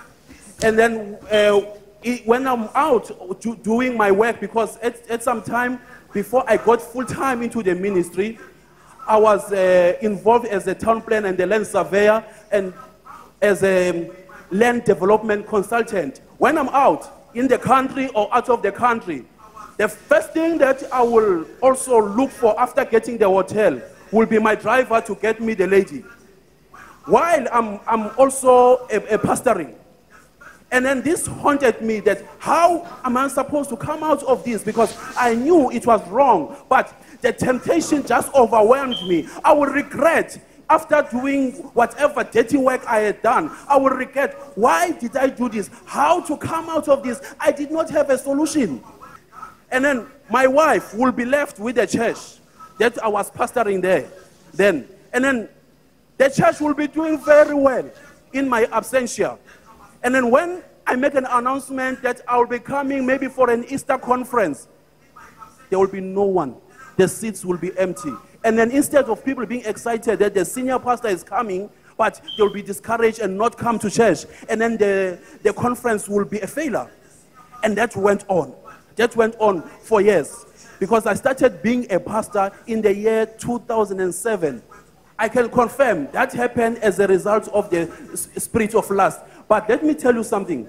And then uh, it, when I'm out do, doing my work, because at, at some time before I got full time into the ministry, I was uh, involved as a town planner and a land surveyor and as a um, land development consultant. When I'm out in the country or out of the country, the first thing that I will also look for after getting the hotel will be my driver to get me the lady while I'm, I'm also a, a pastoring. And then this haunted me that how am I supposed to come out of this? Because I knew it was wrong, but the temptation just overwhelmed me. I will regret after doing whatever dirty work I had done. I will regret why did I do this? How to come out of this? I did not have a solution. And then my wife will be left with the church that I was pastoring there then. And then the church will be doing very well in my absentia. And then when I make an announcement that I'll be coming maybe for an Easter conference, there will be no one. The seats will be empty. And then instead of people being excited that the senior pastor is coming, but they'll be discouraged and not come to church. And then the, the conference will be a failure. And that went on. That went on for years. Because I started being a pastor in the year 2007. I can confirm that happened as a result of the spirit of lust. But let me tell you something.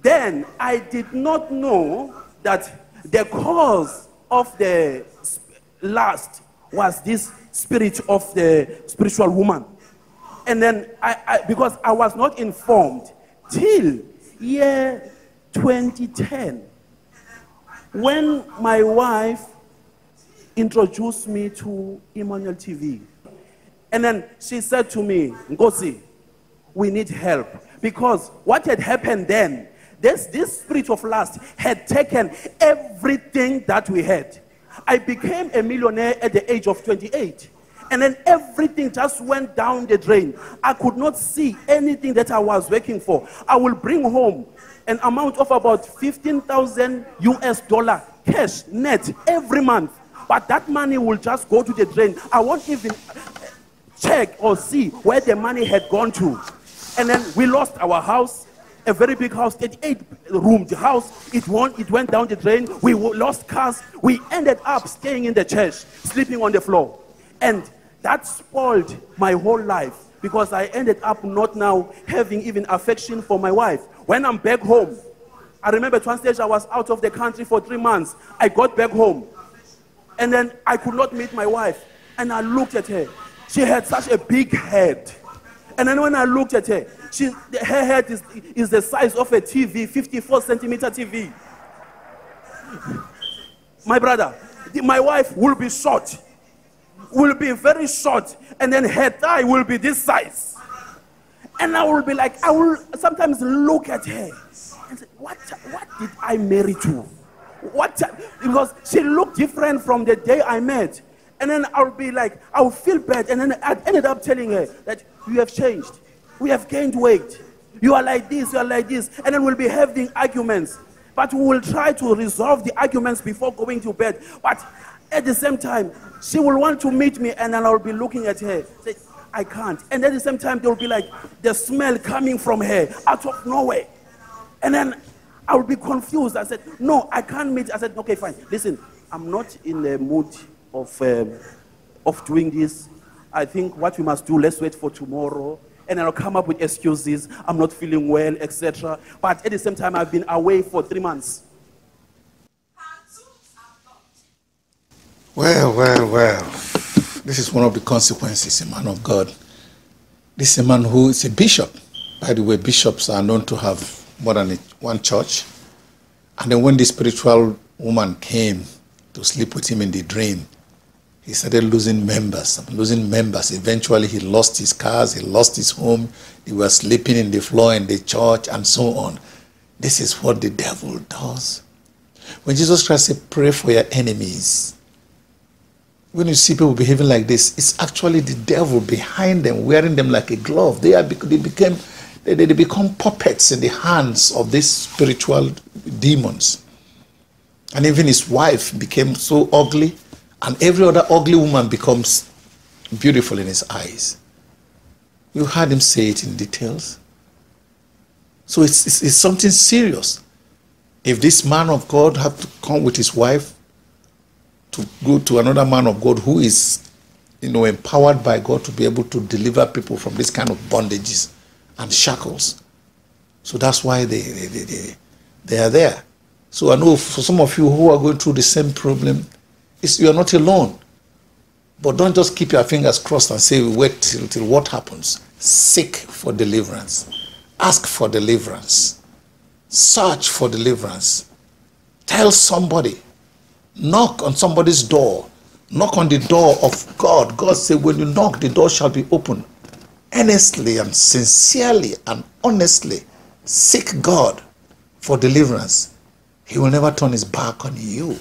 Then I did not know that the cause of the lust was this spirit of the spiritual woman. And then I, I because I was not informed till year 2010 when my wife introduced me to Emmanuel TV. And then she said to me, Ngozi, we need help. Because what had happened then, this, this spirit of lust had taken everything that we had. I became a millionaire at the age of 28. And then everything just went down the drain. I could not see anything that I was working for. I will bring home an amount of about 15,000 US dollar cash net every month. But that money will just go to the drain. I won't even, check or see where the money had gone to. And then we lost our house, a very big house, 38 roomed house. It went, it went down the drain. We lost cars. We ended up staying in the church, sleeping on the floor. And that spoiled my whole life because I ended up not now having even affection for my wife. When I'm back home, I remember at one stage I was out of the country for three months. I got back home and then I could not meet my wife. And I looked at her she had such a big head. And then when I looked at her, she, her head is, is the size of a TV, 54 centimeter TV. My brother, my wife will be short, will be very short, and then her thigh will be this size. And I will be like, I will sometimes look at her and say, What, what did I marry to? What? Because she looked different from the day I met. And then I'll be like, I'll feel bad. And then I ended up telling her that you have changed. We have gained weight. You are like this, you are like this. And then we'll be having arguments. But we will try to resolve the arguments before going to bed. But at the same time, she will want to meet me and then I'll be looking at her. Say, I can't. And at the same time, there'll be like the smell coming from her out of nowhere. And then I will be confused. I said, No, I can't meet. I said, Okay, fine. Listen, I'm not in the mood of, um, of doing this. I think what we must do, let's wait for tomorrow. And I'll come up with excuses. I'm not feeling well, etc. But at the same time, I've been away for three months. Well, well, well. This is one of the consequences, a man of God. This is a man who is a bishop. By the way, bishops are known to have more than one church. And then when the spiritual woman came to sleep with him in the dream, he started losing members, losing members. Eventually, he lost his cars, he lost his home, He was sleeping in the floor in the church, and so on. This is what the devil does. When Jesus Christ said, Pray for your enemies, when you see people behaving like this, it's actually the devil behind them, wearing them like a glove. They, are, they, became, they, they become puppets in the hands of these spiritual demons. And even his wife became so ugly and every other ugly woman becomes beautiful in his eyes. You heard him say it in details. So it's, it's, it's something serious. If this man of God had to come with his wife to go to another man of God who is, you know, empowered by God to be able to deliver people from this kind of bondages and shackles. So that's why they, they, they, they, they are there. So I know for some of you who are going through the same problem, it's, you are not alone. But don't just keep your fingers crossed and say, wait till, till what happens. Seek for deliverance. Ask for deliverance. Search for deliverance. Tell somebody. Knock on somebody's door. Knock on the door of God. God said, when you knock, the door shall be open. Earnestly and sincerely and honestly seek God for deliverance. He will never turn his back on you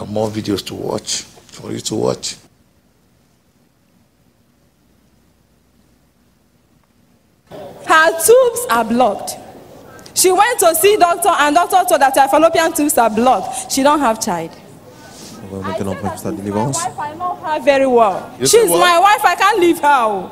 and more videos to watch, for you to watch. Her tubes are blocked. She went to see doctor and doctor told that her fallopian tubes are blocked. She don't have child. On va maintenant My wife, I know her very well. She's well. my wife, I can't leave her.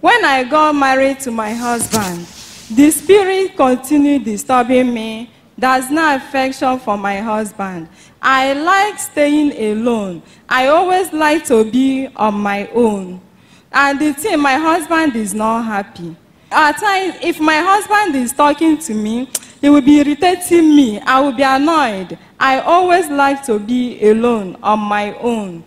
When I got married to my husband, the spirit continued disturbing me. There's no affection for my husband. I like staying alone. I always like to be on my own. And the thing, my husband is not happy. At times, if my husband is talking to me, he will be irritating me. I will be annoyed. I always like to be alone on my own.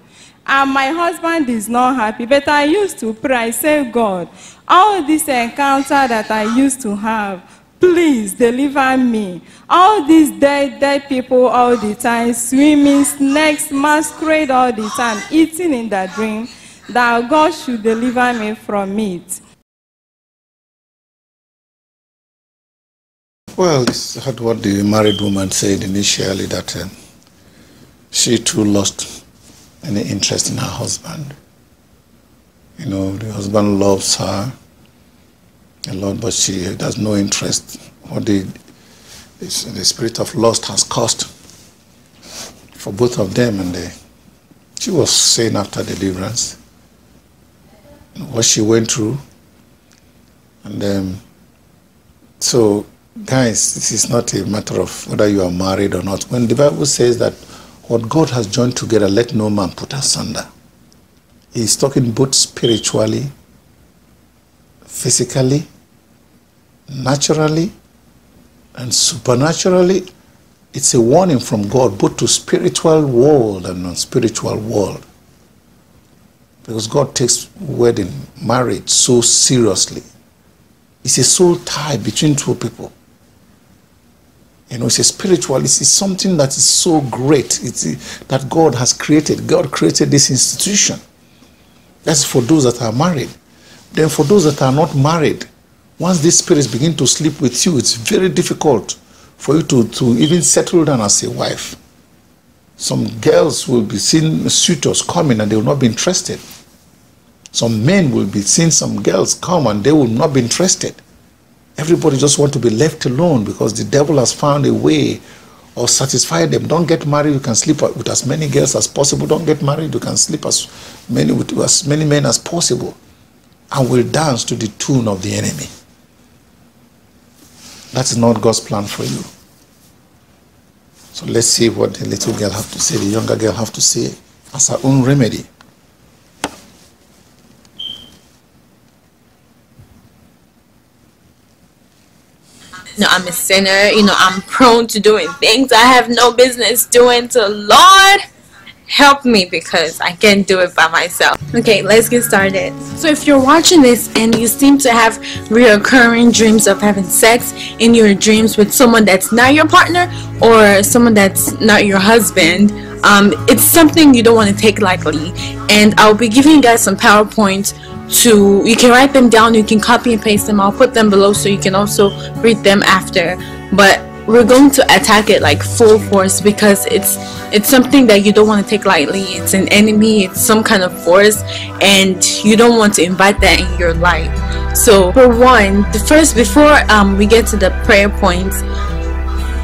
And my husband is not happy. But I used to pray, I say, God, all this encounter that I used to have, Please deliver me. All these dead, dead people all the time, swimming, snakes, masquerade all the time, eating in their dream, that God should deliver me from it. Well, it's what the married woman said initially that uh, she too lost any interest in her husband. You know, the husband loves her Lord, but she has no interest. What the, the spirit of lust has caused for both of them. And she was saying after deliverance what she went through. And then, so, guys, this is not a matter of whether you are married or not. When the Bible says that what God has joined together, let no man put asunder. He's talking both spiritually, physically, naturally and supernaturally. It's a warning from God both to spiritual world and non-spiritual world. Because God takes wedding, marriage so seriously. It's a soul tie between two people. You know, it's a spiritual, it's, something that is so great it's, that God has created. God created this institution. That's for those that are married. Then for those that are not married, once these spirits begin to sleep with you, it's very difficult for you to, to even settle down as a wife. Some girls will be seeing suitors coming and they will not be interested. Some men will be seeing some girls come and they will not be interested. Everybody just want to be left alone because the devil has found a way of satisfy them. Don't get married. You can sleep with as many girls as possible. Don't get married. You can sleep as many with as many men as possible, and will dance to the tune of the enemy. That's not God's plan for you. So let's see what the little girl have to say, the younger girl have to say as her own remedy. No, I'm a sinner. You know, I'm prone to doing things I have no business doing to Lord help me because I can't do it by myself. Okay, let's get started. So if you're watching this and you seem to have reoccurring dreams of having sex in your dreams with someone that's not your partner or someone that's not your husband, um, it's something you don't want to take lightly. And I'll be giving you guys some PowerPoint to, you can write them down, you can copy and paste them, I'll put them below so you can also read them after. But we're going to attack it like full force because it's it's something that you don't want to take lightly it's an enemy it's some kind of force and you don't want to invite that in your life so for one the first before um, we get to the prayer points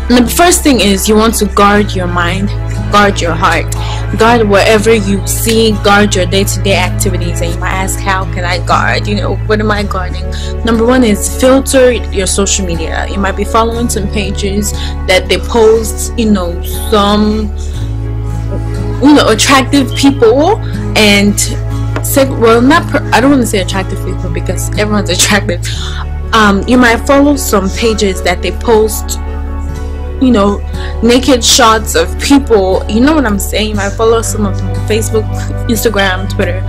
the first thing is you want to guard your mind guard your heart guard whatever you see guard your day-to-day -day activities and you might ask how can i guard you know what am i guarding number one is filter your social media you might be following some pages that they post you know some you know attractive people and say well not per, i don't want to say attractive people because everyone's attractive um, you might follow some pages that they post you know naked shots of people you know what i'm saying i follow some of them on facebook instagram twitter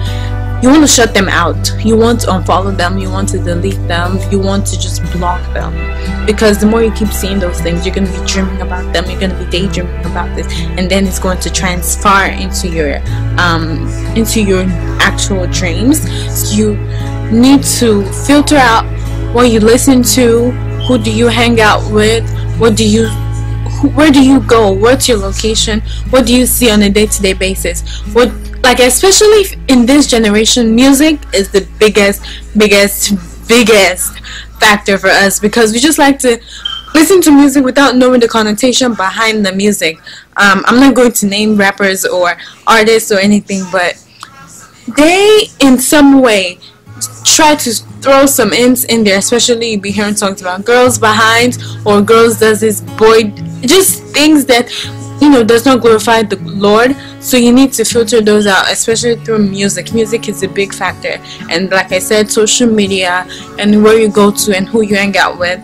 you want to shut them out you want to unfollow them you want to delete them you want to just block them because the more you keep seeing those things you're going to be dreaming about them you're going to be daydreaming about this and then it's going to transfer into your um into your actual dreams so you need to filter out what you listen to who do you hang out with what do you where do you go? What's your location? What do you see on a day-to-day basis? What like especially in this generation, music is the biggest, biggest, biggest factor for us because we just like to listen to music without knowing the connotation behind the music. Um, I'm not going to name rappers or artists or anything, but they in some way try to throw some ins in there especially you be hearing songs about girls behind or girls does this boy just things that you know does not glorify the lord so you need to filter those out especially through music music is a big factor and like i said social media and where you go to and who you hang out with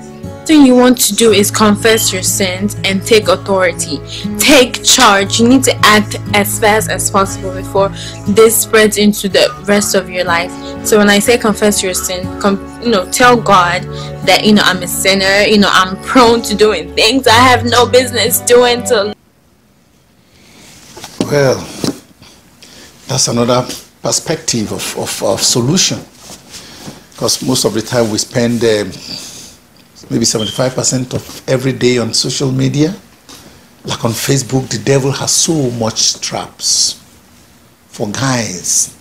thing you want to do is confess your sins and take authority. Take charge. You need to act as fast as possible before this spreads into the rest of your life. So when I say confess your sin, com- you know, tell God that you know I'm a sinner. You know I'm prone to doing things I have no business doing. To well, that's another perspective of of, of solution. Because most of the time we spend. Um, maybe 75% of every day on social media. Like on Facebook, the devil has so much traps for guys.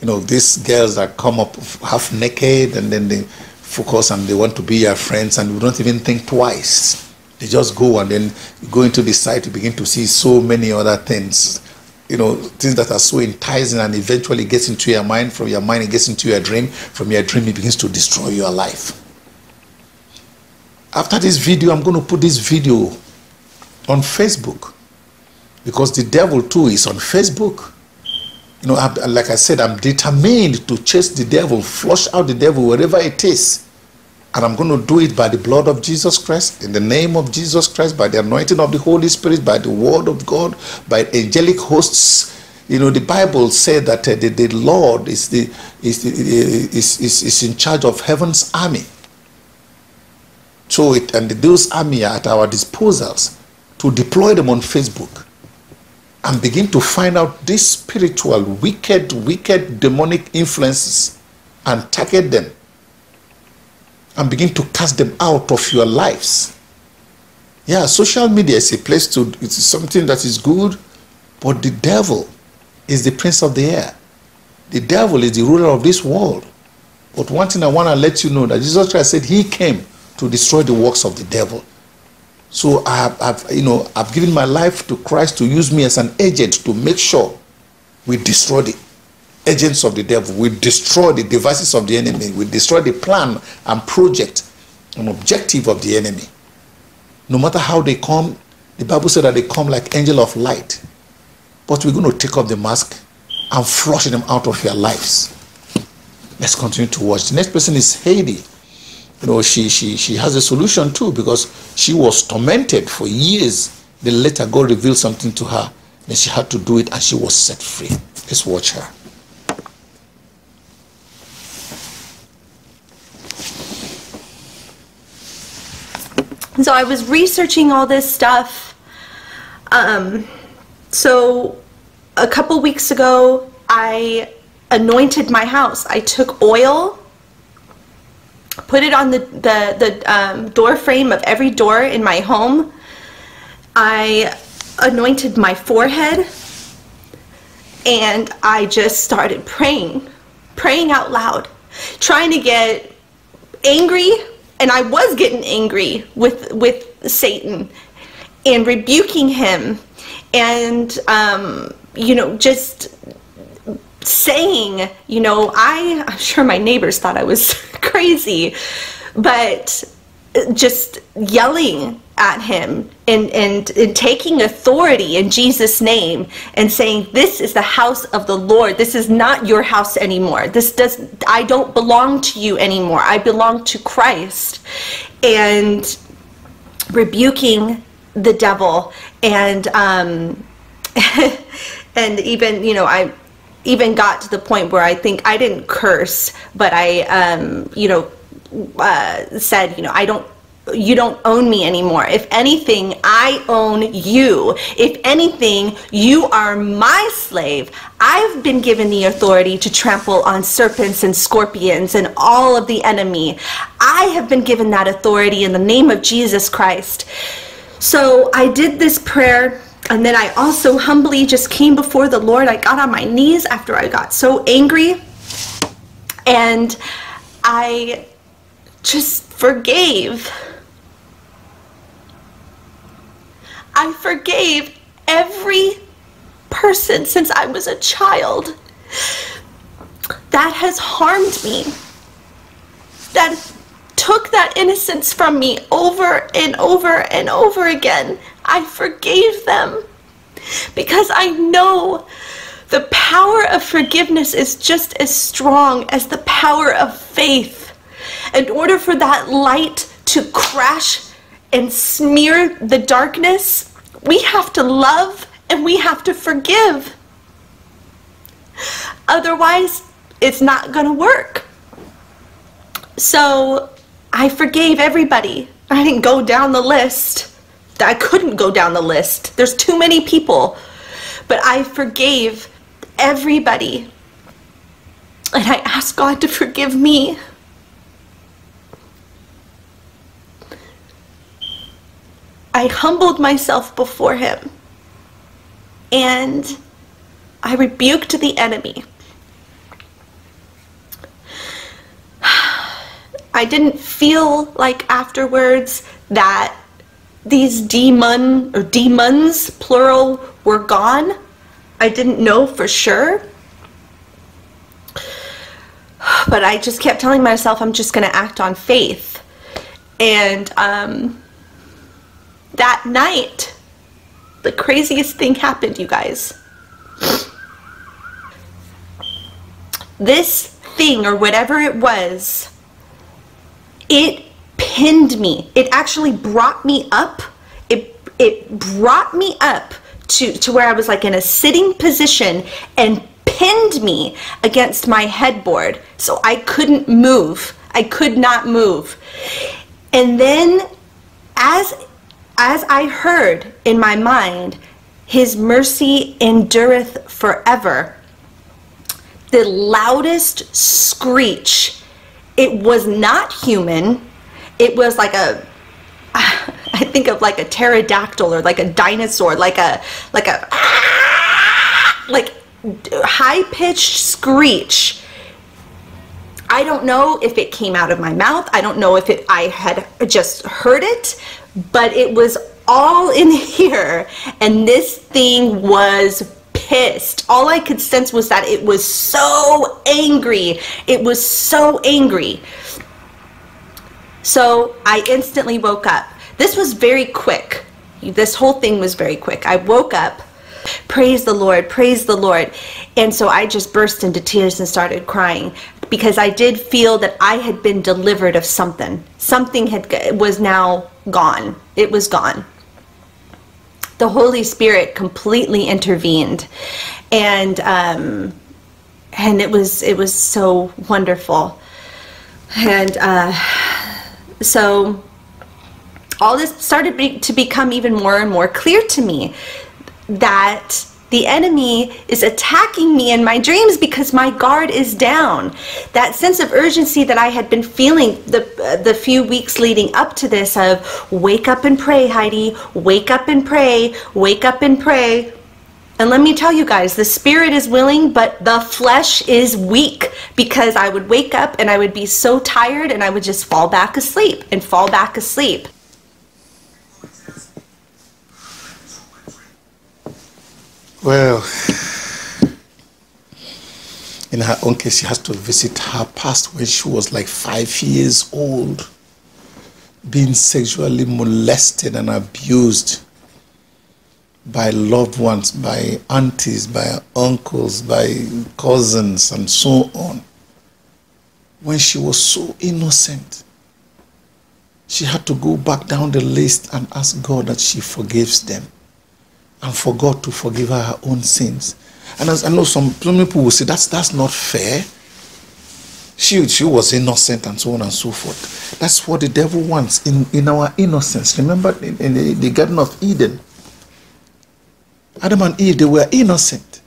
You know, these girls that come up half naked and then they focus and they want to be your friends and we don't even think twice. They just go and then you go into the site, you begin to see so many other things. You know, things that are so enticing and eventually gets into your mind. From your mind, it gets into your dream. From your dream, it begins to destroy your life. After this video, I'm going to put this video on Facebook because the devil too is on Facebook. You know, I, like I said, I'm determined to chase the devil, flush out the devil wherever it is. And I'm going to do it by the blood of Jesus Christ, in the name of Jesus Christ, by the anointing of the Holy Spirit, by the word of God, by angelic hosts. You know, the Bible said that uh, the, the Lord is, the, is, the, is, is, is in charge of heaven's army. To it, and those army are at our disposals to deploy them on Facebook and begin to find out these spiritual, wicked, wicked, demonic influences and target them and begin to cast them out of your lives. Yeah, social media is a place to, it's something that is good, but the devil is the prince of the air. The devil is the ruler of this world. But one thing I want to let you know that Jesus Christ said he came to destroy the works of the devil. So I have, I've, you know, I've given my life to Christ to use me as an agent to make sure we destroy the agents of the devil. We destroy the devices of the enemy. We destroy the plan and project and objective of the enemy. No matter how they come, the Bible said that they come like angel of light. But we're going to take off the mask and flush them out of their lives. Let's continue to watch. The next person is Haiti you know, she, she, she has a solution too because she was tormented for years. Then later God revealed something to her. Then she had to do it and she was set free. Let's watch her. So I was researching all this stuff. Um, so a couple weeks ago, I anointed my house. I took oil put it on the, the, the um, door frame of every door in my home. I anointed my forehead and I just started praying, praying out loud, trying to get angry. And I was getting angry with, with Satan and rebuking him and, um, you know, just saying, you know, I, I'm sure my neighbors thought I was crazy, but just yelling at him and, and, and, taking authority in Jesus' name and saying, This is the house of the Lord. This is not your house anymore. This does I don't belong to you anymore. I belong to Christ. And rebuking the devil and um and even, you know, I even got to the point where I think I didn't curse, but I, um, you know, uh, said, you know, I don't you don't own me anymore. If anything, I own you. If anything, you are my slave. I've been given the authority to trample on serpents and scorpions and all of the enemy. I have been given that authority in the name of Jesus Christ. So I did this prayer and then I also humbly just came before the Lord. I got on my knees after I got so angry. And I just forgave. I forgave every person since I was a child that has harmed me, that took that innocence from me over and over and over again. I forgave them because I know the power of forgiveness is just as strong as the power of faith. In order for that light to crash and smear the darkness, we have to love and we have to forgive. Otherwise, it's not going to work. So I forgave everybody. I didn't go down the list. I couldn't go down the list. There's too many people. But I forgave everybody. And I asked God to forgive me. I humbled myself before Him. And I rebuked the enemy. I didn't feel like afterwards that these demon or demons plural were gone. I didn't know for sure. But I just kept telling myself I'm just going to act on faith. And um, that night, the craziest thing happened, you guys. This thing, or whatever it was, it pinned me. It actually brought me up. It, it brought me up to, to where I was like in a sitting position and pinned me against my headboard. So I couldn't move. I could not move. And then as, as I heard in my mind, his mercy endureth forever. The loudest screech. It was not human it was like a I think of like a pterodactyl or like a dinosaur, like a like a like high pitched screech. I don't know if it came out of my mouth. I don't know if it I had just heard it, but it was all in here and this thing was pissed. All I could sense was that it was so angry. It was so angry. So I instantly woke up. This was very quick. This whole thing was very quick. I woke up, praise the Lord, praise the Lord. And so I just burst into tears and started crying because I did feel that I had been delivered of something. Something had was now gone. It was gone. The Holy Spirit completely intervened, and um, and it was it was so wonderful. And uh, so all this started be to become even more and more clear to me that the enemy is attacking me in my dreams because my guard is down. That sense of urgency that I had been feeling the uh, the few weeks leading up to this of wake up and pray, Heidi, wake up and pray, wake up and pray. And let me tell you guys, the spirit is willing, but the flesh is weak because I would wake up and I would be so tired and I would just fall back asleep and fall back asleep. Well, in her own case, she has to visit her past when she was like five years old, being sexually molested and abused by loved ones, by aunties, by uncles, by cousins, and so on. When she was so innocent, she had to go back down the list and ask God that she forgives them and for God to forgive her her own sins. And as I know some, some people will say that's that's not fair. She, she was innocent and so on and so forth. That's what the devil wants in, in our innocence. Remember in, in the Garden of Eden, Adam and Eve, they were innocent.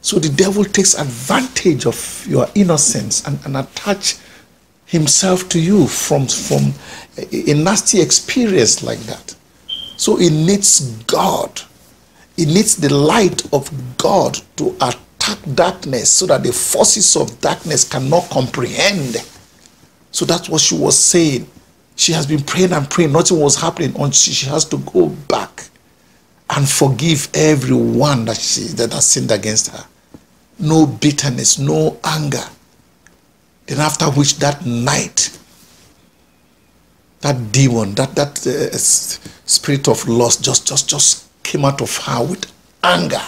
So the devil takes advantage of your innocence and, and attach himself to you from, from a, nasty experience like that. So it needs God. It needs the light of God to attack darkness so that the forces of darkness cannot comprehend. So that's what she was saying. She has been praying and praying. Nothing was happening until she has to go back and forgive everyone that she that has sinned against her. No bitterness, no anger. Then after which that night, that demon, that that uh, spirit of lust just just just came out of her with anger.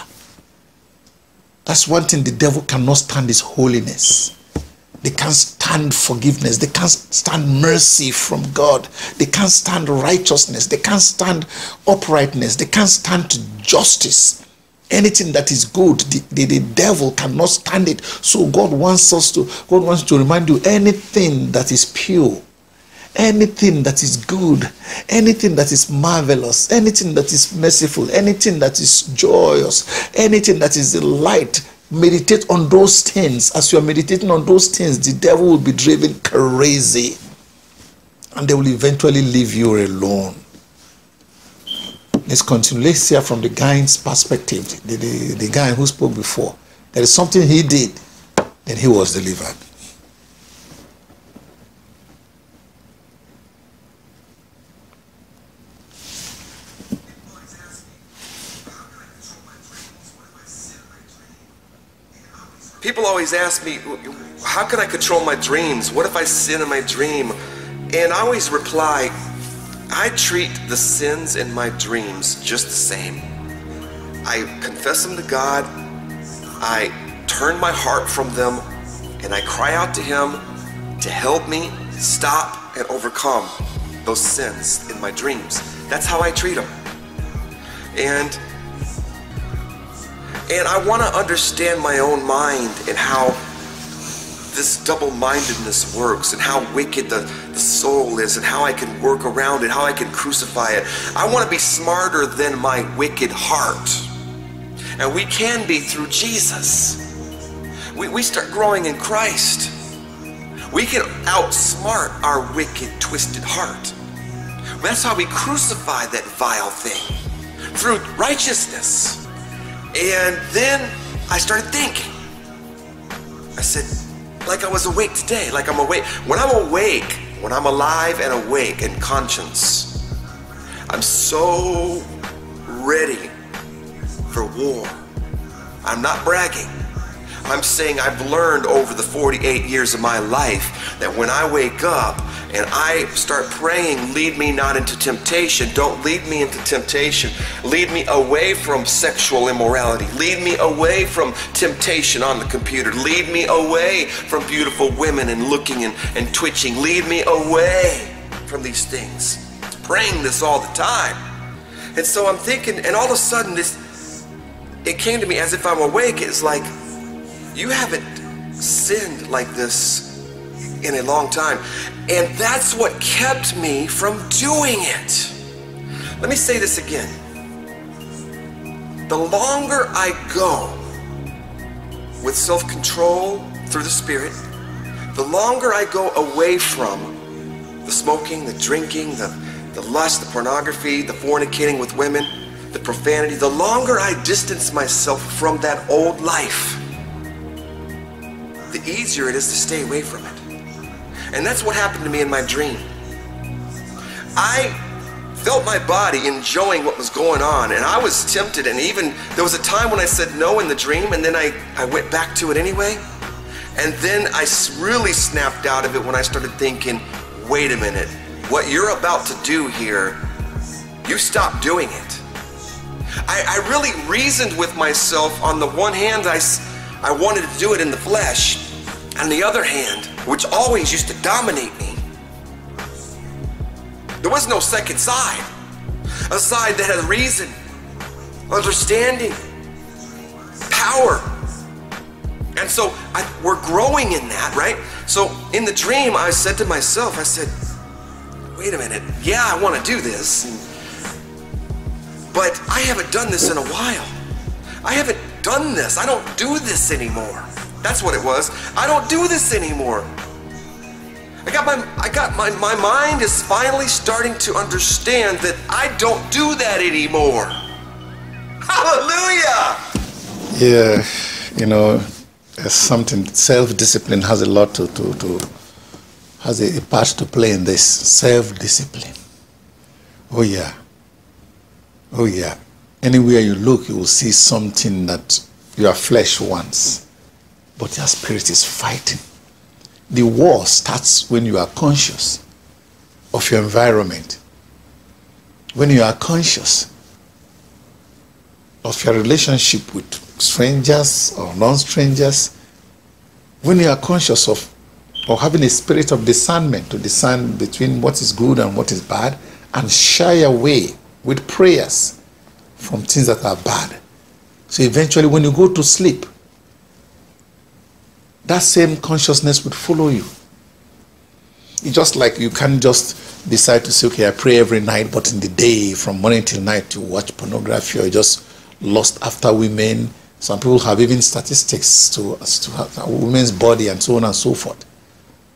That's one thing the devil cannot stand is holiness. They can't stand forgiveness. They can't stand mercy from God. They can't stand righteousness. They can't stand uprightness. They can't stand justice. Anything that is good, the, the, the devil cannot stand it. So God wants us to, God wants to remind you anything that is pure, anything that is good, anything that is marvelous, anything that is merciful, anything that is joyous, anything that is the light meditate on those things. As you are meditating on those things, the devil will be driven crazy and they will eventually leave you alone. Let's continue. Let's hear from the guy's perspective, the, the, the guy who spoke before. There is something he did, and he was delivered. People always ask me, how can I control my dreams? What if I sin in my dream? And I always reply, I treat the sins in my dreams just the same. I confess them to God, I turn my heart from them, and I cry out to Him to help me stop and overcome those sins in my dreams. That's how I treat them. And and I want to understand my own mind and how this double mindedness works and how wicked the, the soul is and how I can work around it, how I can crucify it. I want to be smarter than my wicked heart. And we can be through Jesus. We, we start growing in Christ. We can outsmart our wicked, twisted heart. That's how we crucify that vile thing through righteousness. And then I started thinking. I said, like I was awake today, like I'm awake. When I'm awake, when I'm alive and awake and conscious, I'm so ready for war. I'm not bragging. I'm saying I've learned over the 48 years of my life that when I wake up and I start praying, lead me not into temptation, don't lead me into temptation, lead me away from sexual immorality, lead me away from temptation on the computer, lead me away from beautiful women and looking and, and twitching, lead me away from these things. Praying this all the time. And so I'm thinking, and all of a sudden, this it came to me as if I'm awake. It's like, you haven't sinned like this in a long time. And that's what kept me from doing it. Let me say this again. The longer I go with self control through the Spirit, the longer I go away from the smoking, the drinking, the, the lust, the pornography, the fornicating with women, the profanity, the longer I distance myself from that old life, the easier it is to stay away from it. And that's what happened to me in my dream. I felt my body enjoying what was going on and I was tempted and even there was a time when I said no in the dream and then I, I went back to it anyway. And then I really snapped out of it when I started thinking, wait a minute, what you're about to do here, you stop doing it. I, I really reasoned with myself on the one hand, I, I wanted to do it in the flesh. On the other hand, which always used to dominate me, there was no second side. A side that had reason, understanding, power. And so I, we're growing in that, right? So in the dream, I said to myself, I said, wait a minute, yeah, I want to do this, but I haven't done this in a while. I haven't done this. I don't do this anymore. That's what it was. I don't do this anymore. I got my I got my my mind is finally starting to understand that I don't do that anymore. Hallelujah. Yeah, you know, it's something self-discipline has a lot to to, to has a, a part to play in this self-discipline. Oh yeah. Oh yeah. Anywhere you look, you will see something that your flesh wants, but your spirit is fighting. The war starts when you are conscious of your environment, when you are conscious of your relationship with strangers or non strangers, when you are conscious of or having a spirit of discernment to discern between what is good and what is bad and shy away with prayers from things that are bad. So eventually, when you go to sleep, that same consciousness would follow you. It's just like you can't just decide to say, okay, I pray every night, but in the day, from morning till night, you watch pornography or just lust after women. Some people have even statistics to, to woman's body and so on and so forth.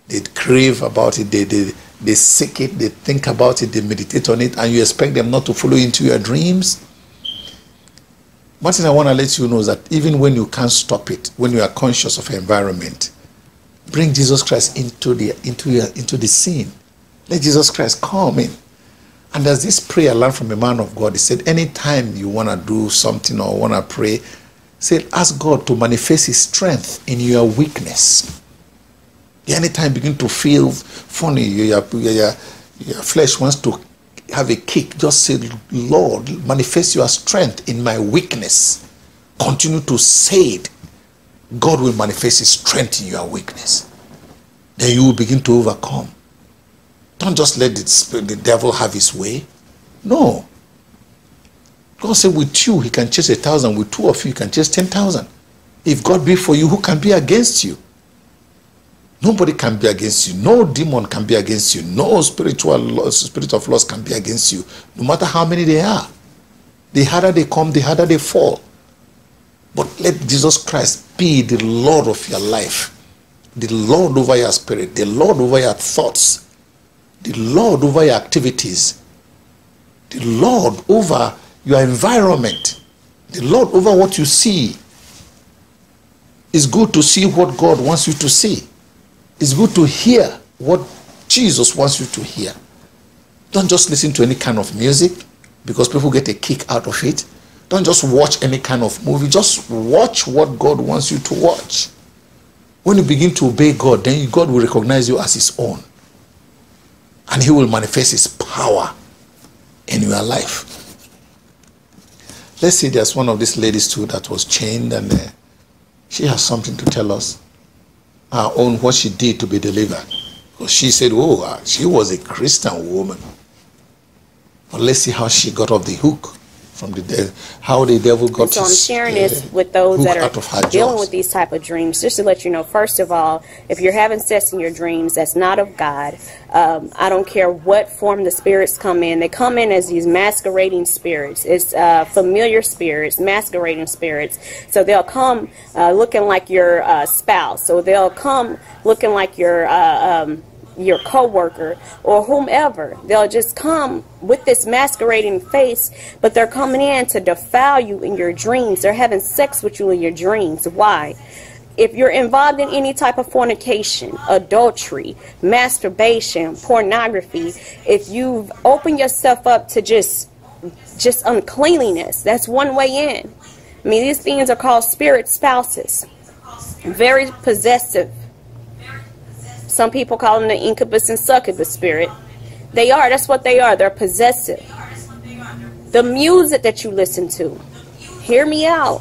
They crave about it, they, they, they seek it, they think about it, they meditate on it, and you expect them not to follow into your dreams. One thing I want to let you know is that even when you can't stop it, when you are conscious of your environment, bring Jesus Christ into the, into your, into the scene. Let Jesus Christ come in. And there's this prayer I learned from a man of God. He said, anytime you want to do something or want to pray, say, ask God to manifest his strength in your weakness. Anytime you begin to feel funny, your, your, your, your flesh wants to have a kick, just say, Lord, manifest your strength in my weakness. Continue to say it. God will manifest his strength in your weakness. Then you will begin to overcome. Don't just let the, the devil have his way. No. God said, with you, he can chase a thousand. With two of you, he can chase ten thousand. If God be for you, who can be against you? Nobody can be against you. No demon can be against you. No spiritual loss, spirit of loss can be against you, no matter how many they are. The harder they come, the harder they fall. But let Jesus Christ be the Lord of your life, the Lord over your spirit, the Lord over your thoughts, the Lord over your activities, the Lord over your environment, the Lord over what you see. It's good to see what God wants you to see. It's good to hear what Jesus wants you to hear. Don't just listen to any kind of music because people get a kick out of it. Don't just watch any kind of movie. Just watch what God wants you to watch. When you begin to obey God, then God will recognize you as His own. And He will manifest His power in your life. Let's see, there's one of these ladies too that was chained, and uh, she has something to tell us her own what she did to be delivered. Because she said, oh, uh, she was a Christian woman. But let's see how she got off the hook from the de- how the devil got. And so I'm sharing uh, this with those that are dealing with these type of dreams, just to let you know. First of all, if you're having sex in your dreams, that's not of God. Um, I don't care what form the spirits come in; they come in as these masquerading spirits. It's uh, familiar spirits, masquerading spirits. So they'll come uh, looking like your uh, spouse. So they'll come looking like your. Uh, um, your coworker or whomever. They'll just come with this masquerading face, but they're coming in to defile you in your dreams. They're having sex with you in your dreams. Why? If you're involved in any type of fornication, adultery, masturbation, pornography, if you've opened yourself up to just just uncleanliness, that's one way in. I mean, these things are called spirit spouses. Very possessive some people call them the incubus and succubus spirit. They are. That's what they are. They're possessive. The music that you listen to. Hear me out.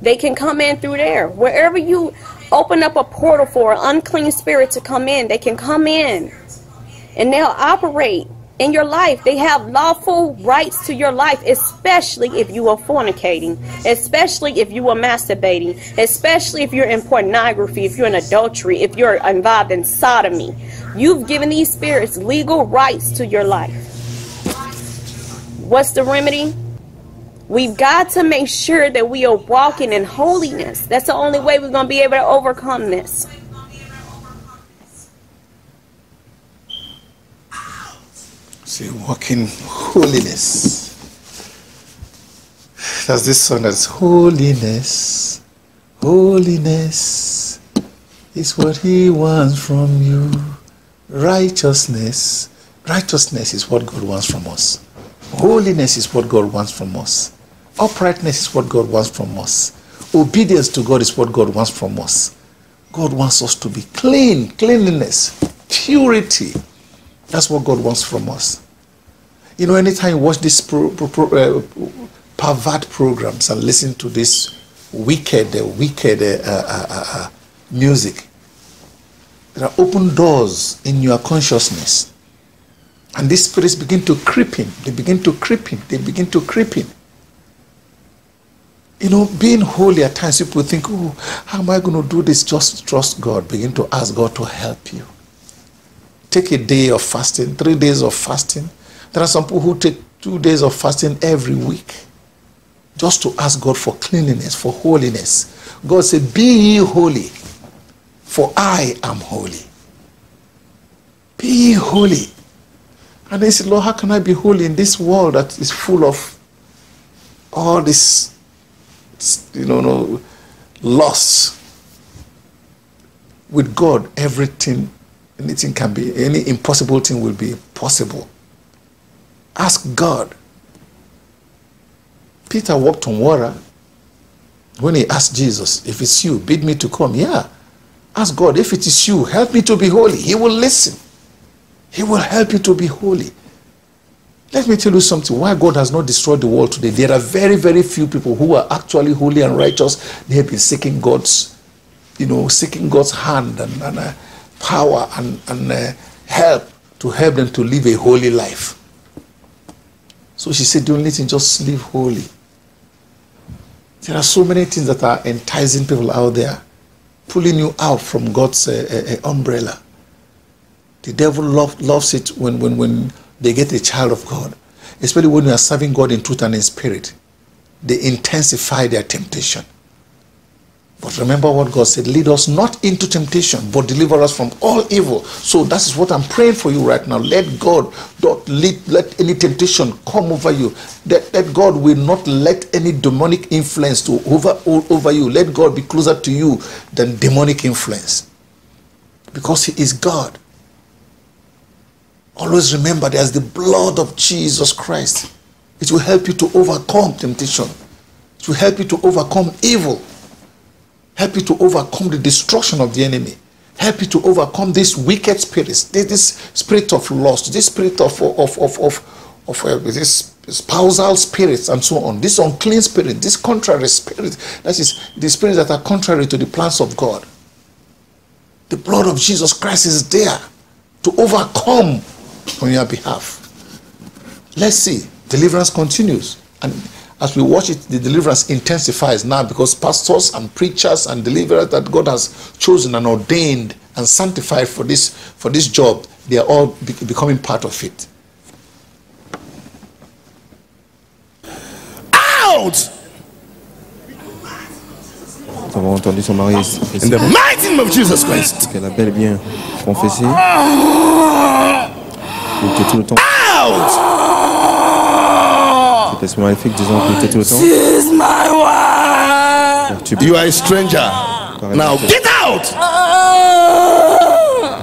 They can come in through there. Wherever you open up a portal for an unclean spirit to come in, they can come in and they'll operate in your life. They have lawful rights to your life, especially if you are fornicating, especially if you are masturbating, especially if you're in pornography, if you're in adultery, if you're involved in sodomy. You've given these spirits legal rights to your life. What's the remedy? We've got to make sure that we are walking in holiness. That's the only way we're going to be able to overcome this. Say, walk in holiness. There's this song that's holiness, holiness is what he wants from you. Righteousness, righteousness is what God wants from us. Holiness is what God wants from us. Uprightness is what God wants from us. Obedience to God is what God wants from us. God wants us to be clean, cleanliness, purity. That's what God wants from us. You know, anytime you watch these pro, pro, pro, uh, pervert programs and listen to this wicked, uh, wicked uh, uh, uh, uh, music, there are open doors in your consciousness. And these spirits begin to creep in. They begin to creep in. They begin to creep in. You know, being holy at times, people think, oh, how am I going to do this? Just trust God. Begin to ask God to help you take a day of fasting, three days of fasting. There are some people who take two days of fasting every week just to ask God for cleanliness, for holiness. God said, Be ye holy, for I am holy. Be ye holy. And they said, Lord, how can I be holy in this world that is full of all this, you know, no, loss? With God, everything anything can be, any impossible thing will be possible. Ask God. Peter walked on water when he asked Jesus, If it's you, bid me to come. Yeah. Ask God, if it is you, help me to be holy. He will listen. He will help you to be holy. Let me tell you something why God has not destroyed the world today. There are very, very few people who are actually holy and righteous. They have been seeking God's, you know, seeking God's hand and, and uh, power and, and uh, help to help them to live a holy life. So she said, "Don't listen; just live holy. There are so many things that are enticing people out there, pulling you out from God's uh, uh, uh, umbrella. The devil love, loves it when, when, when they get a child of God, especially when you are serving God in truth and in spirit. They intensify their temptation. But remember what God said, lead us not into temptation, but deliver us from all evil. So that is what I'm praying for you right now. Let God not lead, let any temptation come over you. That, that God will not let any demonic influence to over, over you. Let God be closer to you than demonic influence. Because he is God. Always remember there's the blood of Jesus Christ. It will help you to overcome temptation. It will help you to overcome evil. Help you to overcome the destruction of the enemy. Help you to overcome these wicked spirits, this, this spirit of lust, this spirit of, of, of, of, of uh, this spousal spirits and so on, this unclean spirit, this contrary spirit, that is, the spirits that are contrary to the plans of God. The blood of Jesus Christ is there to overcome on your behalf. Let's see. Deliverance continues. And as we watch it, the deliverance intensifies now because pastors and preachers and deliverers that God has chosen and ordained and sanctified for this, for this job, they are all be becoming part of it. Out! Nous avons entendu son mari in the mighty name of Jesus Christ. Qu'elle a bel bien confessé. Ah! Out! Laisse-moi un fic, disons qu'il tout le temps. She's my wife. You are a stranger. Now get out! Oh,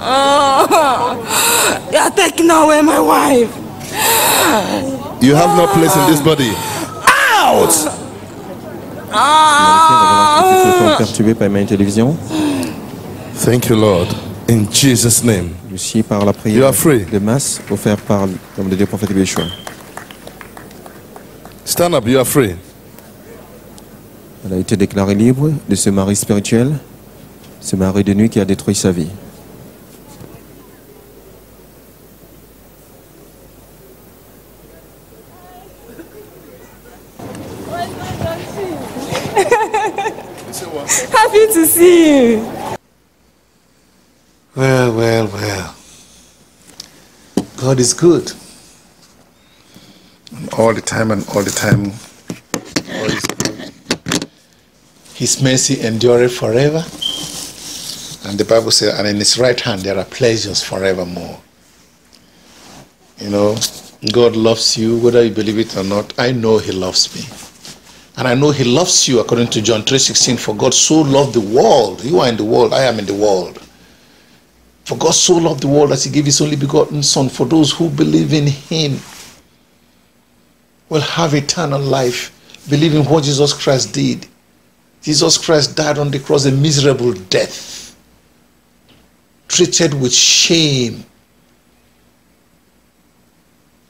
oh. You are taking away my wife. You have no place in this body. Out! Ah. Ah. perturbé par ma télévision. Thank you, Lord. In Jesus' name. par la prière you are free. de masse offerte par l'homme de prophète Stand up, you are free. Elle a été déclarée libre de ce mari spirituel, ce mari de nuit qui a détruit sa vie. Happy to see you. Well, well, well. God is good. all the time and all the time. His mercy endureth forever. And the Bible says, and in his right hand there are pleasures forevermore. You know, God loves you, whether you believe it or not. I know he loves me. And I know he loves you according to John 3.16. For God so loved the world. You are in the world. I am in the world. For God so loved the world that he gave his only begotten son for those who believe in him will have eternal life, believing what Jesus Christ did. Jesus Christ died on the cross a miserable death, treated with shame,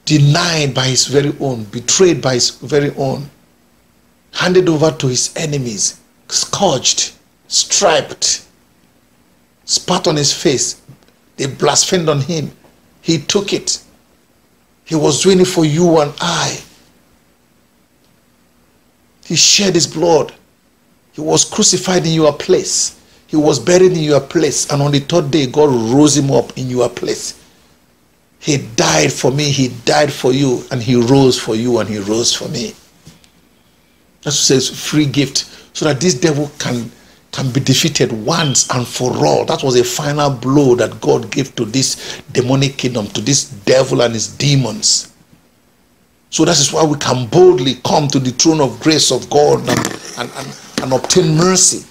denied by his very own, betrayed by his very own, handed over to his enemies, scourged, striped, spat on his face. They blasphemed on him. He took it. He was doing it for you and I. He shed his blood. He was crucified in your place. He was buried in your place. And on the third day, God rose him up in your place. He died for me. He died for you. And he rose for you. And he rose for me. That's what it says free gift. So that this devil can, can be defeated once and for all. That was a final blow that God gave to this demonic kingdom, to this devil and his demons. So that is why we can boldly come to the throne of grace of God and, and, and, and obtain mercy.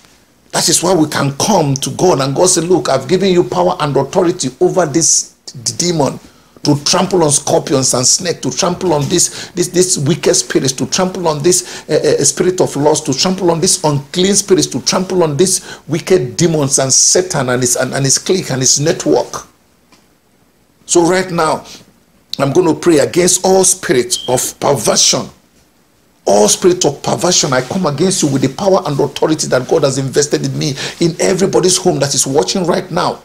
That is why we can come to God and God say, Look, I've given you power and authority over this demon to trample on scorpions and snakes, to trample on this, this, this wicked spirits, to trample on this uh, uh, spirit of lust, to trample on this unclean spirits, to trample on these wicked demons and Satan and his, and, and his clique and his network. So right now, I'm going to pray against all spirit of perversion. All spirit of perversion, I come against you with the power and authority that God has invested in me in everybody's home that is watching right now.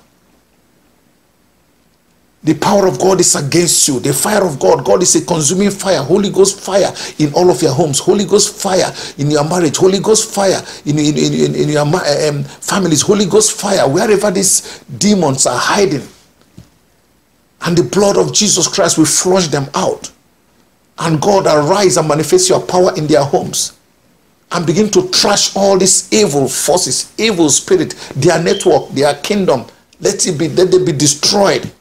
The power of God is against you. The fire of God, God is a consuming fire. Holy Ghost fire in all of your homes. Holy Ghost fire in your marriage. Holy Ghost fire in, in, in, in, your um, families. Holy Ghost fire wherever these demons are hiding. And the blood of Jesus Christ will flush them out. And God arise and manifest your power in their homes. And begin to trash all these evil forces, evil spirit, their network, their kingdom. Let it be, let they be destroyed.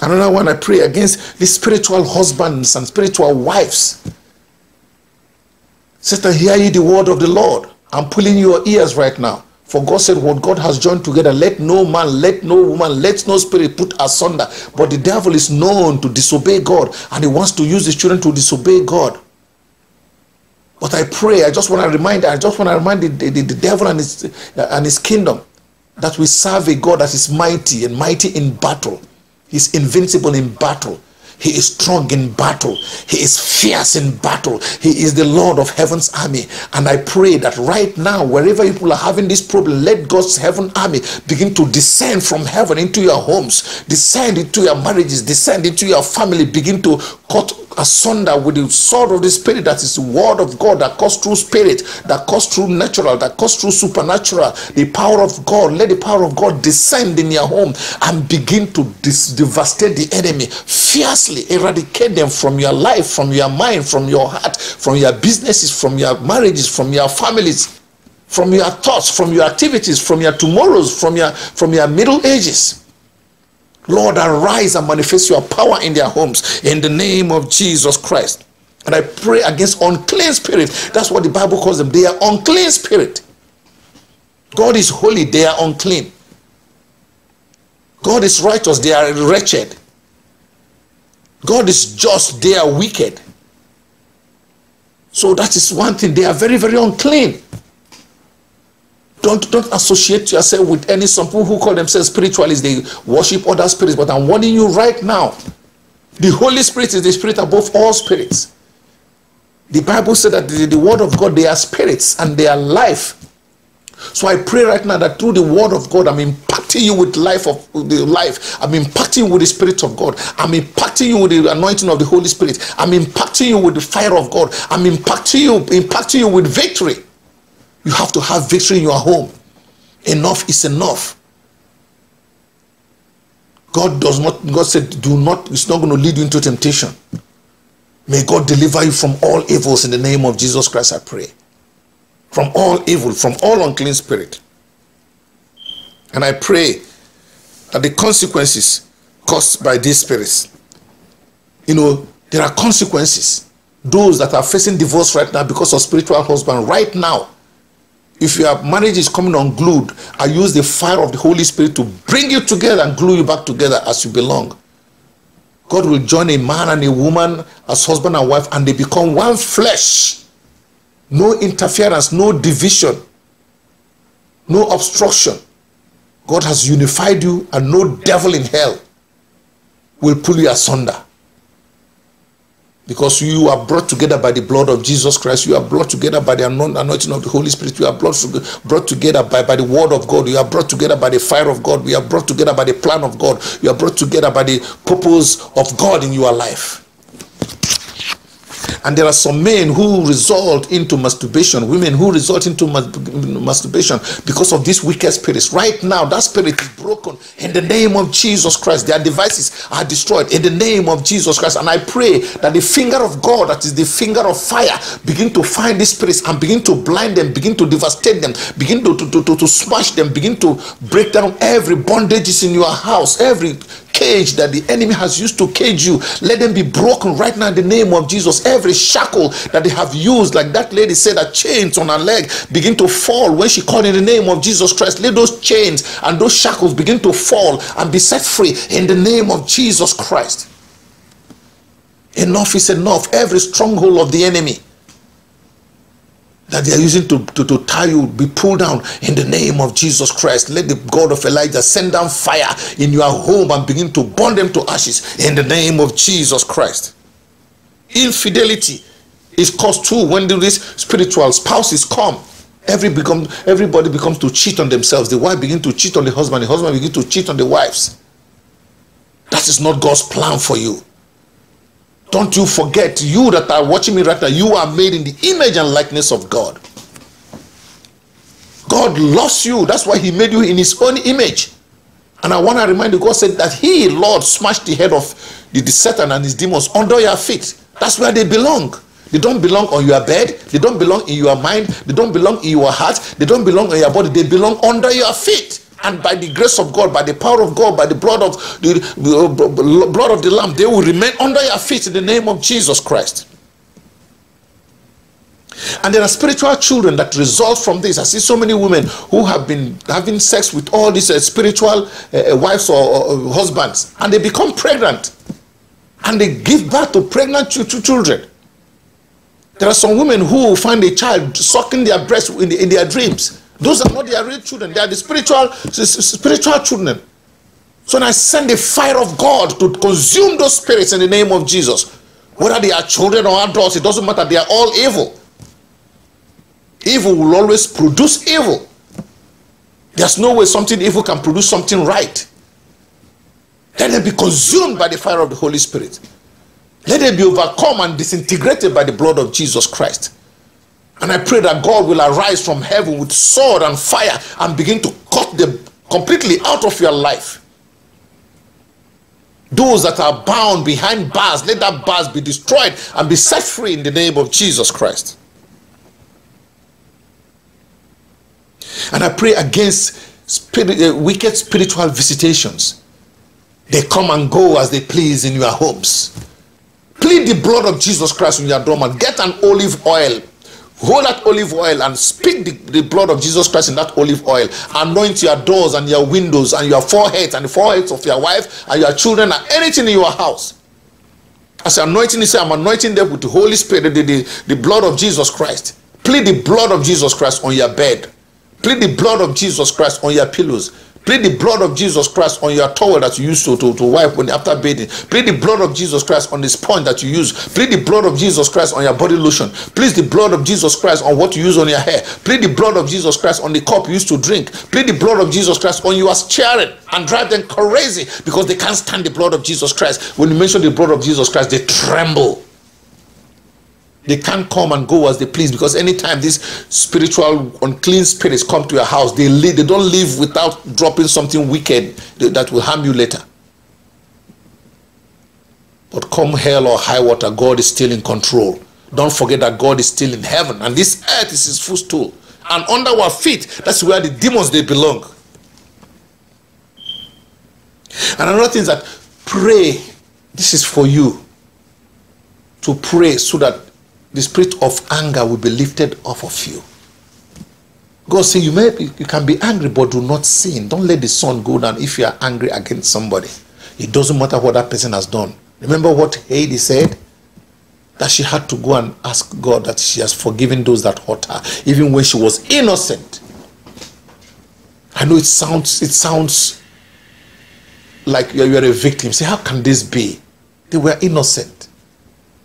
Another one I pray against the spiritual husbands and spiritual wives. Sister, hear ye the word of the Lord. I'm pulling your ears right now. For God said, What God has joined together, let no man, let no woman, let no spirit put asunder. But the devil is known to disobey God, and he wants to use his children to disobey God. But I pray, I just want to remind, I just want to remind the, the, the devil and his, uh, and his kingdom that we serve a God that is mighty and mighty in battle. He's invincible in battle. He is strong in battle. He is fierce in battle. He is the Lord of heaven's army. And I pray that right now, wherever people are having this problem, let God's heaven army begin to descend from heaven into your homes, descend into your marriages, descend into your family, begin to cut asunder with the sword of the spirit that is the word of God that cuts through spirit, that cuts through natural, that cuts through supernatural. The power of God, let the power of God descend in your home and begin to devastate the enemy. Fierce Firstly, eradicate them from your life, from your mind, from your heart, from your businesses, from your marriages, from your families, from your thoughts, from your activities, from your tomorrows, from your from your middle ages. Lord, arise and manifest your power in their homes in the name of Jesus Christ. And I pray against unclean spirits. That's what the Bible calls them. They are unclean spirit. God is holy, they are unclean. God is righteous, they are wretched. God is just, they are wicked. So that is one thing. They are very, very unclean. Don't, don't associate yourself with any some people who call themselves spiritualists. They worship other spirits. But I'm warning you right now. The Holy Spirit is the spirit above all spirits. The Bible said that the, the word of God, they are spirits and they are life. So I pray right now that through the word of God, I'm impacting you with life of the life. I'm impacting you with the spirit of God. I'm impacting you with the anointing of the Holy Spirit. I'm impacting you with the fire of God. I'm impacting you, impacting you with victory. You have to have victory in your home. Enough is enough. God does not, God said, do not, it's not going to lead you into temptation. May God deliver you from all evils in the name of Jesus Christ, I pray from all evil, from all unclean spirit. And I pray that the consequences caused by these spirits, you know, there are consequences. Those that are facing divorce right now because of spiritual husband, right now, if your marriage is coming unglued, I use the fire of the Holy Spirit to bring you together and glue you back together as you belong. God will join a man and a woman as husband and wife, and they become one flesh. no interference, no division, no obstruction. God has unified you, and no devil in hell will pull you asunder. Because you are brought together by the blood of Jesus Christ. You are brought together by the anointing of the Holy Spirit. You are brought, brought together by, by the word of God. You are brought together by the fire of God. We are brought together by the plan of God. You are brought together by the purpose of God in your life. And there are some men who result into masturbation, women who result into masturbation because of these wicked spirits. Right now, that spirit is broken in the name of Jesus Christ. Their devices are destroyed in the name of Jesus Christ. And I pray that the finger of God, that is the finger of fire, begin to find these spirits and begin to blind them, begin to devastate them, begin to, to, to, to, to smash them, begin to break down every bondages in your house, every cage that the enemy has used to cage you, let them be broken right now in the name of Jesus. Every shackle that they have used, like that lady said, that chains on her leg begin to fall when she called in the name of Jesus Christ. Let those chains and those shackles begin to fall and be set free in the name of Jesus Christ. Enough is enough. Every stronghold of the enemy that they are using to, to, to, tie you be pulled down in the name of Jesus Christ. Let the God of Elijah send down fire in your home and begin to burn them to ashes in the name of Jesus Christ. Infidelity is caused too when these spiritual spouses come. Every become, everybody becomes to cheat on themselves. The wife begin to cheat on the husband. The husband begin to cheat on the wives. That is not God's plan for you. Don't you forget, you that are watching me right now, you are made in the image and likeness of God. God loves you. That's why He made you in His own image. And I want to remind you, God said that He, Lord, smashed the head of the, Satan and his demons under your feet. That's where they belong. They don't belong on your bed. They don't belong in your mind. They don't belong in your heart. They don't belong on your body. They belong under your feet and by the grace of God, by the power of God, by the blood of the uh, blood of the Lamb, they will remain under your feet in the name of Jesus Christ. And there are spiritual children that result from this. I see so many women who have been having sex with all these uh, spiritual uh, uh wives or, or, husbands, and they become pregnant, and they give birth to pregnant ch- children. There are some women who find a child sucking their breast in, the, in their dreams. Those are not their real children. They are the spiritual, spiritual children. So I send the fire of God to consume those spirits in the name of Jesus. Whether they are children or adults, it doesn't matter. They are all evil. Evil will always produce evil. There's no way something evil can produce something right. Let them be consumed by the fire of the Holy Spirit. Let them be overcome and disintegrated by the blood of Jesus Christ. And I pray that God will arise from heaven with sword and fire and begin to cut them completely out of your life. Those that are bound behind bars, let that bars be destroyed and be set free in the name of Jesus Christ. And I pray against spirit, uh, wicked spiritual visitations. They come and go as they please in your homes. Plead the blood of Jesus Christ on your doormat. Get an olive oil hold that olive oil and speak the, the blood of Jesus Christ in that olive oil. Anoint your doors and your windows and your forehead and the foreheads of your wife and your children and anything in your house. As anointing, he said, I'm anointing them with the Holy Spirit, the, the, the blood of Jesus Christ. Plead the blood of Jesus Christ on your bed. Plead the blood of Jesus Christ on your pillows. Plead the blood of Jesus Christ on your towel that you use to, to, to wipe when after bathing. Plead the blood of Jesus Christ on the sponge that you use. Plead the blood of Jesus Christ on your body lotion. Plead the blood of Jesus Christ on what you use on your hair. Plead the blood of Jesus Christ on the cup you used to drink. Plead the blood of Jesus Christ on your children and drive them crazy because they can't stand the blood of Jesus Christ. When you mention the blood of Jesus Christ, they tremble. They can't come and go as they please because anytime these spiritual unclean spirits come to your house, they leave, they don't live without dropping something wicked that will harm you later. But come hell or high water, God is still in control. Don't forget that God is still in heaven and this earth is his footstool. And under our feet, that's where the demons they belong. And another thing is that pray. This is for you to pray so that the spirit of anger will be lifted off of you. God say you may be, you can be angry, but do not sin. Don't let the sun go down if you are angry against somebody. It doesn't matter what that person has done. Remember what Heidi said? That she had to go and ask God that she has forgiven those that hurt her, even when she was innocent. I know it sounds it sounds like you are a victim. Say, how can this be? They were innocent.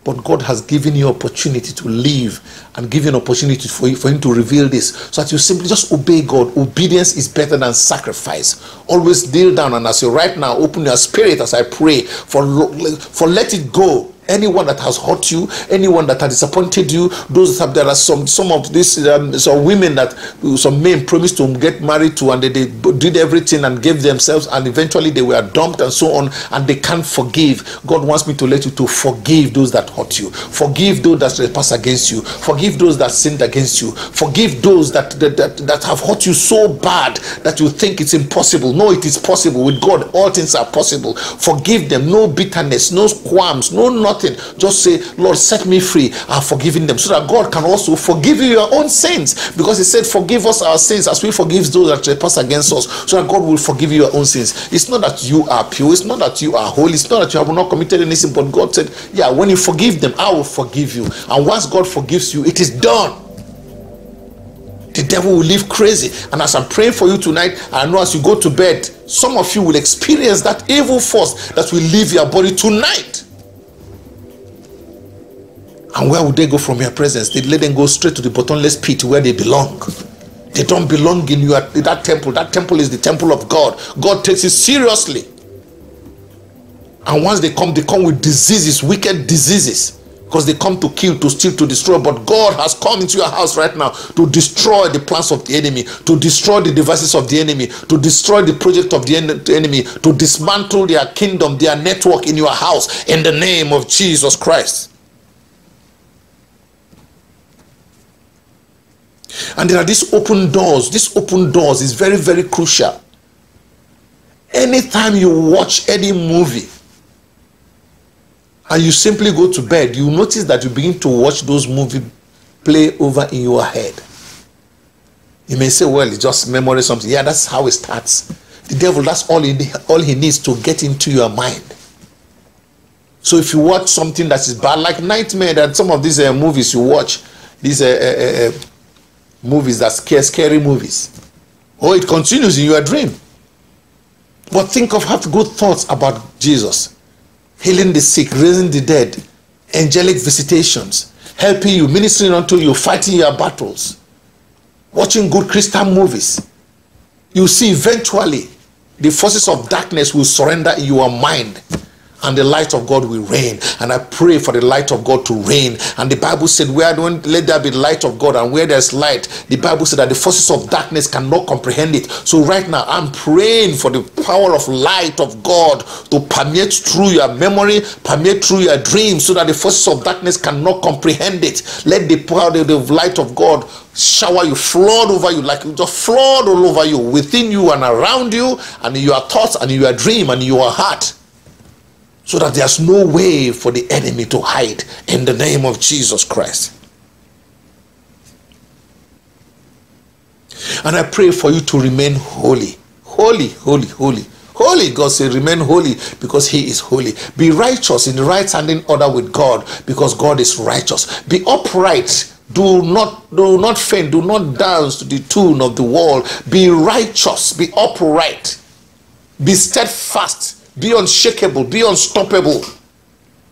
But God has given you opportunity to live and given opportunity for, you, for Him to reveal this so that you simply just obey God. Obedience is better than sacrifice. Always kneel down and as you right now, open your spirit as I pray for, for let it go anyone that has hurt you, anyone that has disappointed you. Those that there are some some of these um, some women that some men promised to get married to, and they, they did everything and gave themselves, and eventually they were dumped and so on, and they can't forgive. God wants me to let you to forgive those that hurt you, forgive those that trespass against you, forgive those that sinned against you, forgive those that that, that, that have hurt you so bad that you think it's impossible. No, it is possible. With God, all things are possible. Forgive them. No bitterness, no qualms, no nothing nothing. Just say, Lord, set me free. I've forgiven them. So that God can also forgive you your own sins. Because He said, Forgive us our sins as we forgive those that trespass against us. So that God will forgive you your own sins. It's not that you are pure. It's not that you are holy. It's not that you have not committed any sin. But God said, Yeah, when you forgive them, I will forgive you. And once God forgives you, it is done the devil will live crazy. And as I'm praying for you tonight, I know as you go to bed, some of you will experience that evil force that will leave your body tonight. And where would they go from your presence? They let them go straight to the bottomless pit where they belong. They don't belong in your in that temple. That temple is the temple of God. God takes it seriously. And once they come, they come with diseases, wicked diseases, because they come to kill, to steal, to destroy. But God has come into your house right now to destroy the plans of the enemy, to destroy the devices of the enemy, to destroy the project of the enemy, to dismantle their kingdom, their network in your house in the name of Jesus Christ. And there are these open doors. These open doors is very, very crucial. Anytime you watch any movie and you simply go to bed, you notice that you begin to watch those movies play over in your head. You may say, well, it's just memory something. Yeah, that's how it starts. The devil, that's all he, all he needs to get into your mind. So if you watch something that is bad, like Nightmare, that some of these uh, movies you watch, these uh, uh, uh movies that scare scary movies. Or it continues in your dream. But think of have good thoughts about Jesus, healing the sick, raising the dead, angelic visitations, helping you, ministering unto you, fighting your battles, watching good Christian movies. You see, eventually, the forces of darkness will surrender in your mind and the light of God will reign. And I pray for the light of God to reign. And the Bible said, Where don't let there be light of God, and where there's light, the Bible said that the forces of darkness cannot comprehend it. So right now, I'm praying for the power of light of God to permeate through your memory, permeate through your dreams, so that the forces of darkness cannot comprehend it. Let the power of the light of God shower you, flood over you, like just flood all over you, within you and around you, and in your thoughts and in your dream and in your heart so that there's no way for the enemy to hide in the name of Jesus Christ. And I pray for you to remain holy. Holy, holy, holy. Holy, God said, remain holy because He is holy. Be righteous in the right standing order with God because God is righteous. Be upright. Do not do not faint. Do not dance to the tune of the world. Be righteous. Be upright. Be steadfast Be unshakable. Be unstoppable.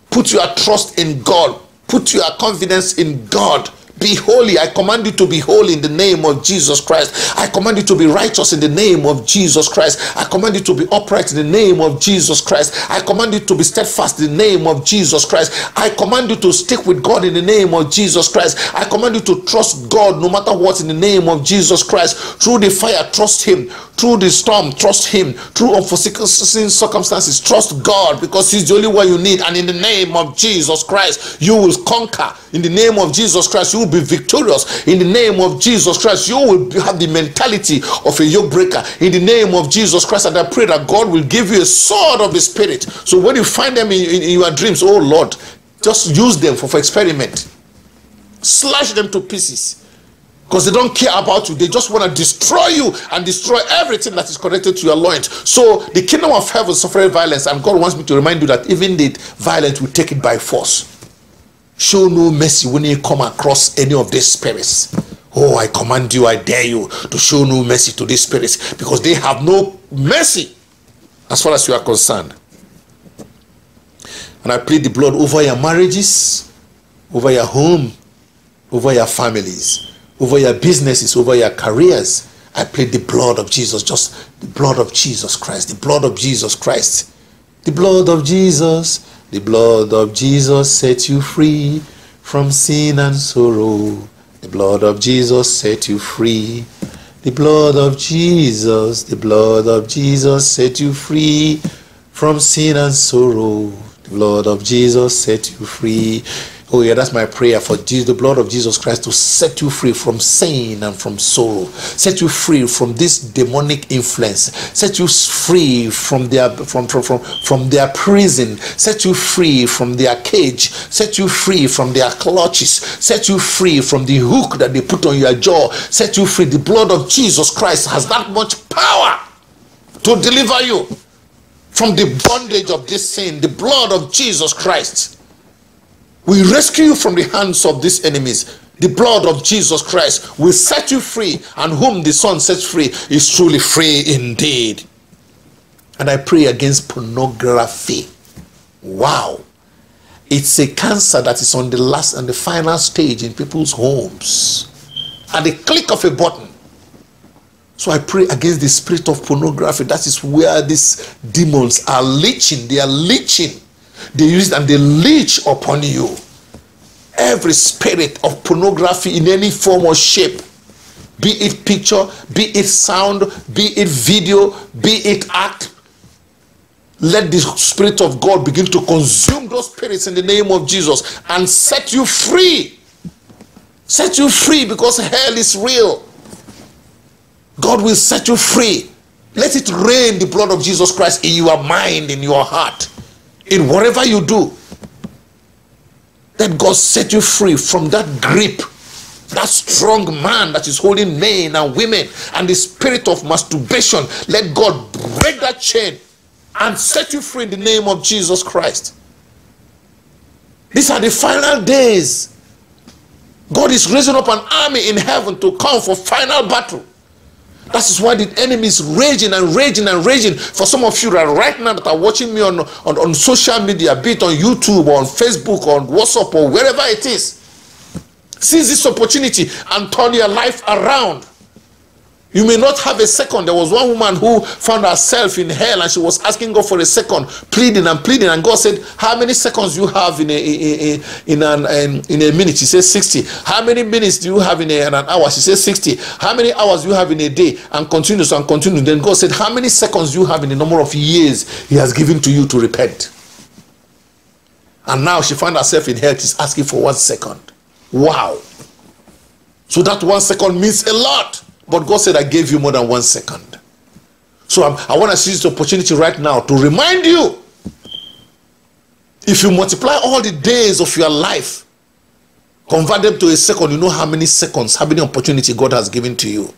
Put your trust in God. Put your confidence in God. Be holy. I command you to be holy in the name of Jesus Christ. I command you to be righteous in the name of Jesus Christ. I command you to be upright in the name of Jesus Christ. I command you to be steadfast in the name of Jesus Christ. I command you to stick with God in the name of Jesus Christ. I command you to trust God no matter what in the name of Jesus Christ. Through the fire, trust Him. Through the storm, trust Him. Through unforeseen circumstances, trust God because He's the only one you need. And in the name of Jesus Christ, you will conquer. In the name of Jesus Christ, you will be victorious in the name of Jesus Christ. You will have the mentality of a yoke breaker in the name of Jesus Christ. And I pray that God will give you a sword of the Spirit. So when you find them in, in, in your dreams, oh Lord, just use them for, for experiment. Slash them to pieces because they don't care about you. They just want to destroy you and destroy everything that is connected to your loins. So the kingdom of heaven suffered violence, and God wants me to remind you that even the violent will take it by force. Show no mercy when you come across any of these spirits. Oh, I command you, I dare you to show no mercy to these spirits because they have no mercy as far as you are concerned. And I plead the blood over your marriages, over your home, over your families, over your businesses, over your careers. I plead the blood of Jesus, just the blood of Jesus Christ, the blood of Jesus Christ, the blood of Jesus. The blood of Jesus set you free from sin and sorrow. The blood of Jesus set you free. The blood of Jesus, the blood of Jesus set you free from sin and sorrow. The blood of Jesus set you free. Oh, yeah, that's my prayer for Jesus, the blood of Jesus Christ to set you free from sin and from sorrow, set you free from this demonic influence, set you free from their from from from, from their prison, set you free from their cage, set you free from their clutches, set you free from the hook that they put on your jaw, set you free. The blood of Jesus Christ has that much power to deliver you from the bondage of this sin, the blood of Jesus Christ. We rescue you from the hands of these enemies. The blood of Jesus Christ will set you free, and whom the Son sets free is truly free indeed. And I pray against pornography. Wow. It's a cancer that is on the last and the final stage in people's homes. At the click of a button. So I pray against the spirit of pornography. That is where these demons are leeching. They are leeching they use it and they leech upon you. Every spirit of pornography in any form or shape, be it picture, be it sound, be it video, be it act, let the Spirit of God begin to consume those spirits in the name of Jesus and set you free. Set you free because hell is real. God will set you free. Let it rain the blood of Jesus Christ in your mind, in your heart in whatever you do. Let God set you free from that grip, that strong man that is holding men and women and the spirit of masturbation. Let God break that chain and set you free in the name of Jesus Christ. These are the final days. God is raising up an army in heaven to come for final battle. That is why the enemy is raging and raging and raging. For some of you right now that are watching me on, on, on social media, be it on YouTube or on Facebook or on WhatsApp or wherever it is, seize this opportunity and turn your life around. You may not have a second. There was one woman who found herself in hell and she was asking God for a second, pleading and pleading. And God said, How many seconds do you have in a, in, in, an, in, a minute? She said, 60. How many minutes do you have in, a, in an hour? She said, 60. How many hours do you have in a day? And continues and continues. Then God said, How many seconds do you have in the number of years He has given to you to repent? And now she found herself in hell. She's asking for one second. Wow. So that one second means a lot. But God said, I gave you more than one second. So I'm, i want to seize the opportunity right now to remind you if you multiply all the days of your life, convert them to a second, you know how many seconds, how many opportunity God has given to you.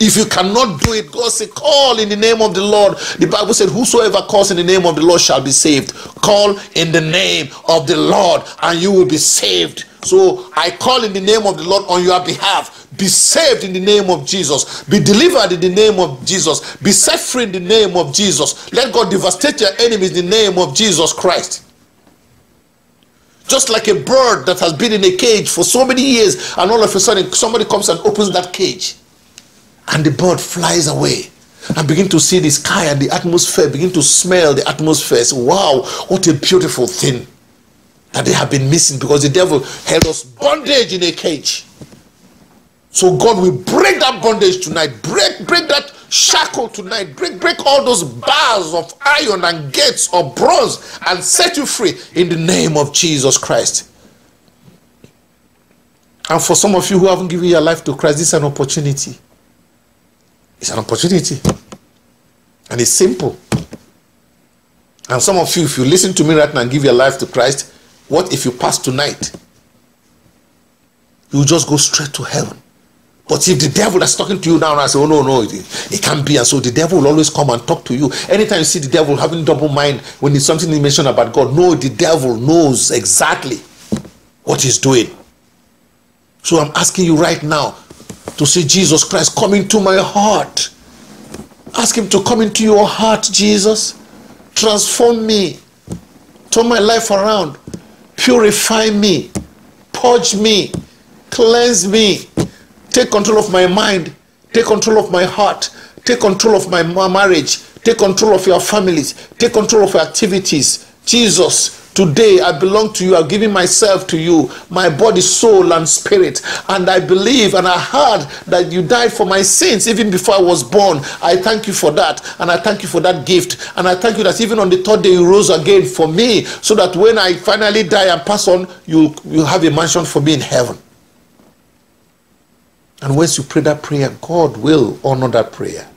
If you cannot do it, God said, Call in the name of the Lord. The Bible said, Whosoever calls in the name of the Lord shall be saved. Call in the name of the Lord, and you will be saved. So I call in the name of the Lord on your behalf. Be saved in the name of Jesus. Be delivered in the name of Jesus. Be set free in the name of Jesus. Let God devastate your enemies in the name of Jesus Christ. Just like a bird that has been in a cage for so many years, and all of a sudden somebody comes and opens that cage and the bird flies away and begin to see the sky and the atmosphere, begin to smell the atmosphere. Say, wow, what a beautiful thing that they have been missing because the devil held us bondage in a cage. So God will break that bondage tonight. Break, break that shackle tonight. Break, break all those bars of iron and gates of bronze and set you free in the name of Jesus Christ. And for some of you who haven't given your life to Christ, this is an opportunity. It's an opportunity. And it's simple. And some of you, if you listen to me right now and give your life to Christ, what if you pass tonight? You just go straight to heaven. But if the devil that's talking to you now and I say, oh no, no, it, it can't be. And so the devil will always come and talk to you. Anytime you see the devil having double mind when it's something he mentioned about God, no, the devil knows exactly what he's doing. So I'm asking you right now to see Jesus Christ come into my heart. Ask him to come into your heart, Jesus. Transform me. Turn my life around. Purify me. Purge me. Cleanse me. Take control of my mind. Take control of my heart. Take control of my marriage. Take control of your families. Take control of your activities. Jesus, Today, I belong to you. I'm giving myself to you, my body, soul, and spirit. And I believe and I heard that you died for my sins even before I was born. I thank you for that. And I thank you for that gift. And I thank you that even on the third day, you rose again for me so that when I finally die and pass on, you, you have a mansion for me in heaven. And once you pray that prayer, God will honor that prayer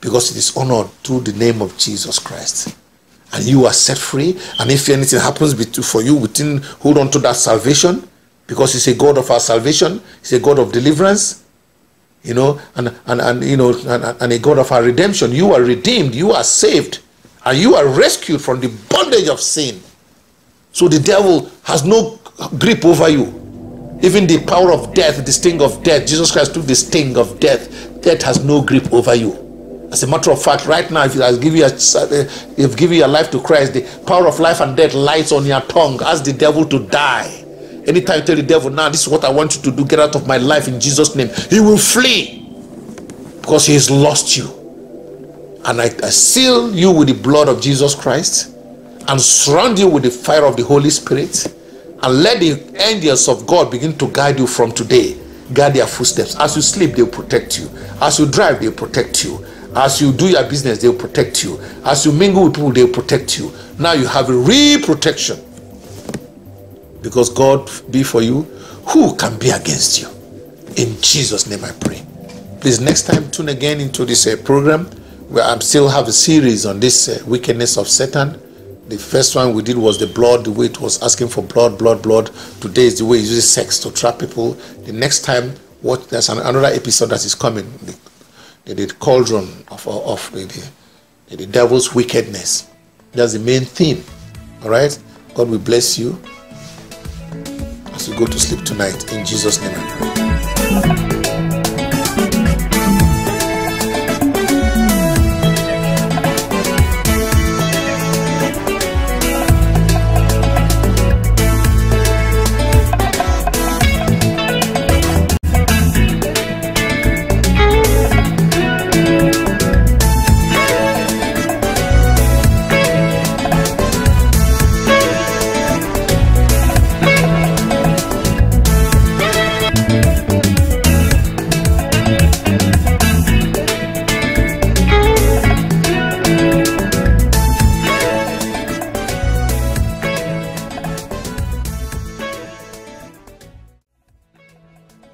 because it is honored through the name of Jesus Christ and you are set free. And if anything happens for you within, hold on to that salvation because He's a God of our salvation, He's a God of deliverance, you know, and, and, and you know, and, and a God of our redemption. You are redeemed, you are saved, and you are rescued from the bondage of sin. So the devil has no grip over you. Even the power of death, the sting of death, Jesus Christ took the sting of death. Death has no grip over you. As a matter of fact, right now, if you have uh, given your, given your life to Christ, the power of life and death lies on your tongue. Ask the devil to die. Anytime you tell the devil, now this is what I want you to do, get out of my life in Jesus' name, he will flee because he has lost you. And I, I seal you with the blood of Jesus Christ and surround you with the fire of the Holy Spirit and let the angels of God begin to guide you from today guard their footsteps. As you sleep, they'll protect you. As you drive, they'll protect you. As you do your business, they'll protect you. As you mingle with people, they'll protect you. Now you have a real protection. Because God be for you, who can be against you? In Jesus' name I pray. Please, next time, tune again into this uh, program where I still have a series on this uh, wickedness of Satan. The first one we did was the blood, the way it was asking for blood, blood, blood. Today is the way it uses sex to trap people. The next time, what there's another episode that is coming the cauldron of, of the, the devil's wickedness. That's the main theme. All right? God will bless you as you go to sleep tonight. In Jesus' name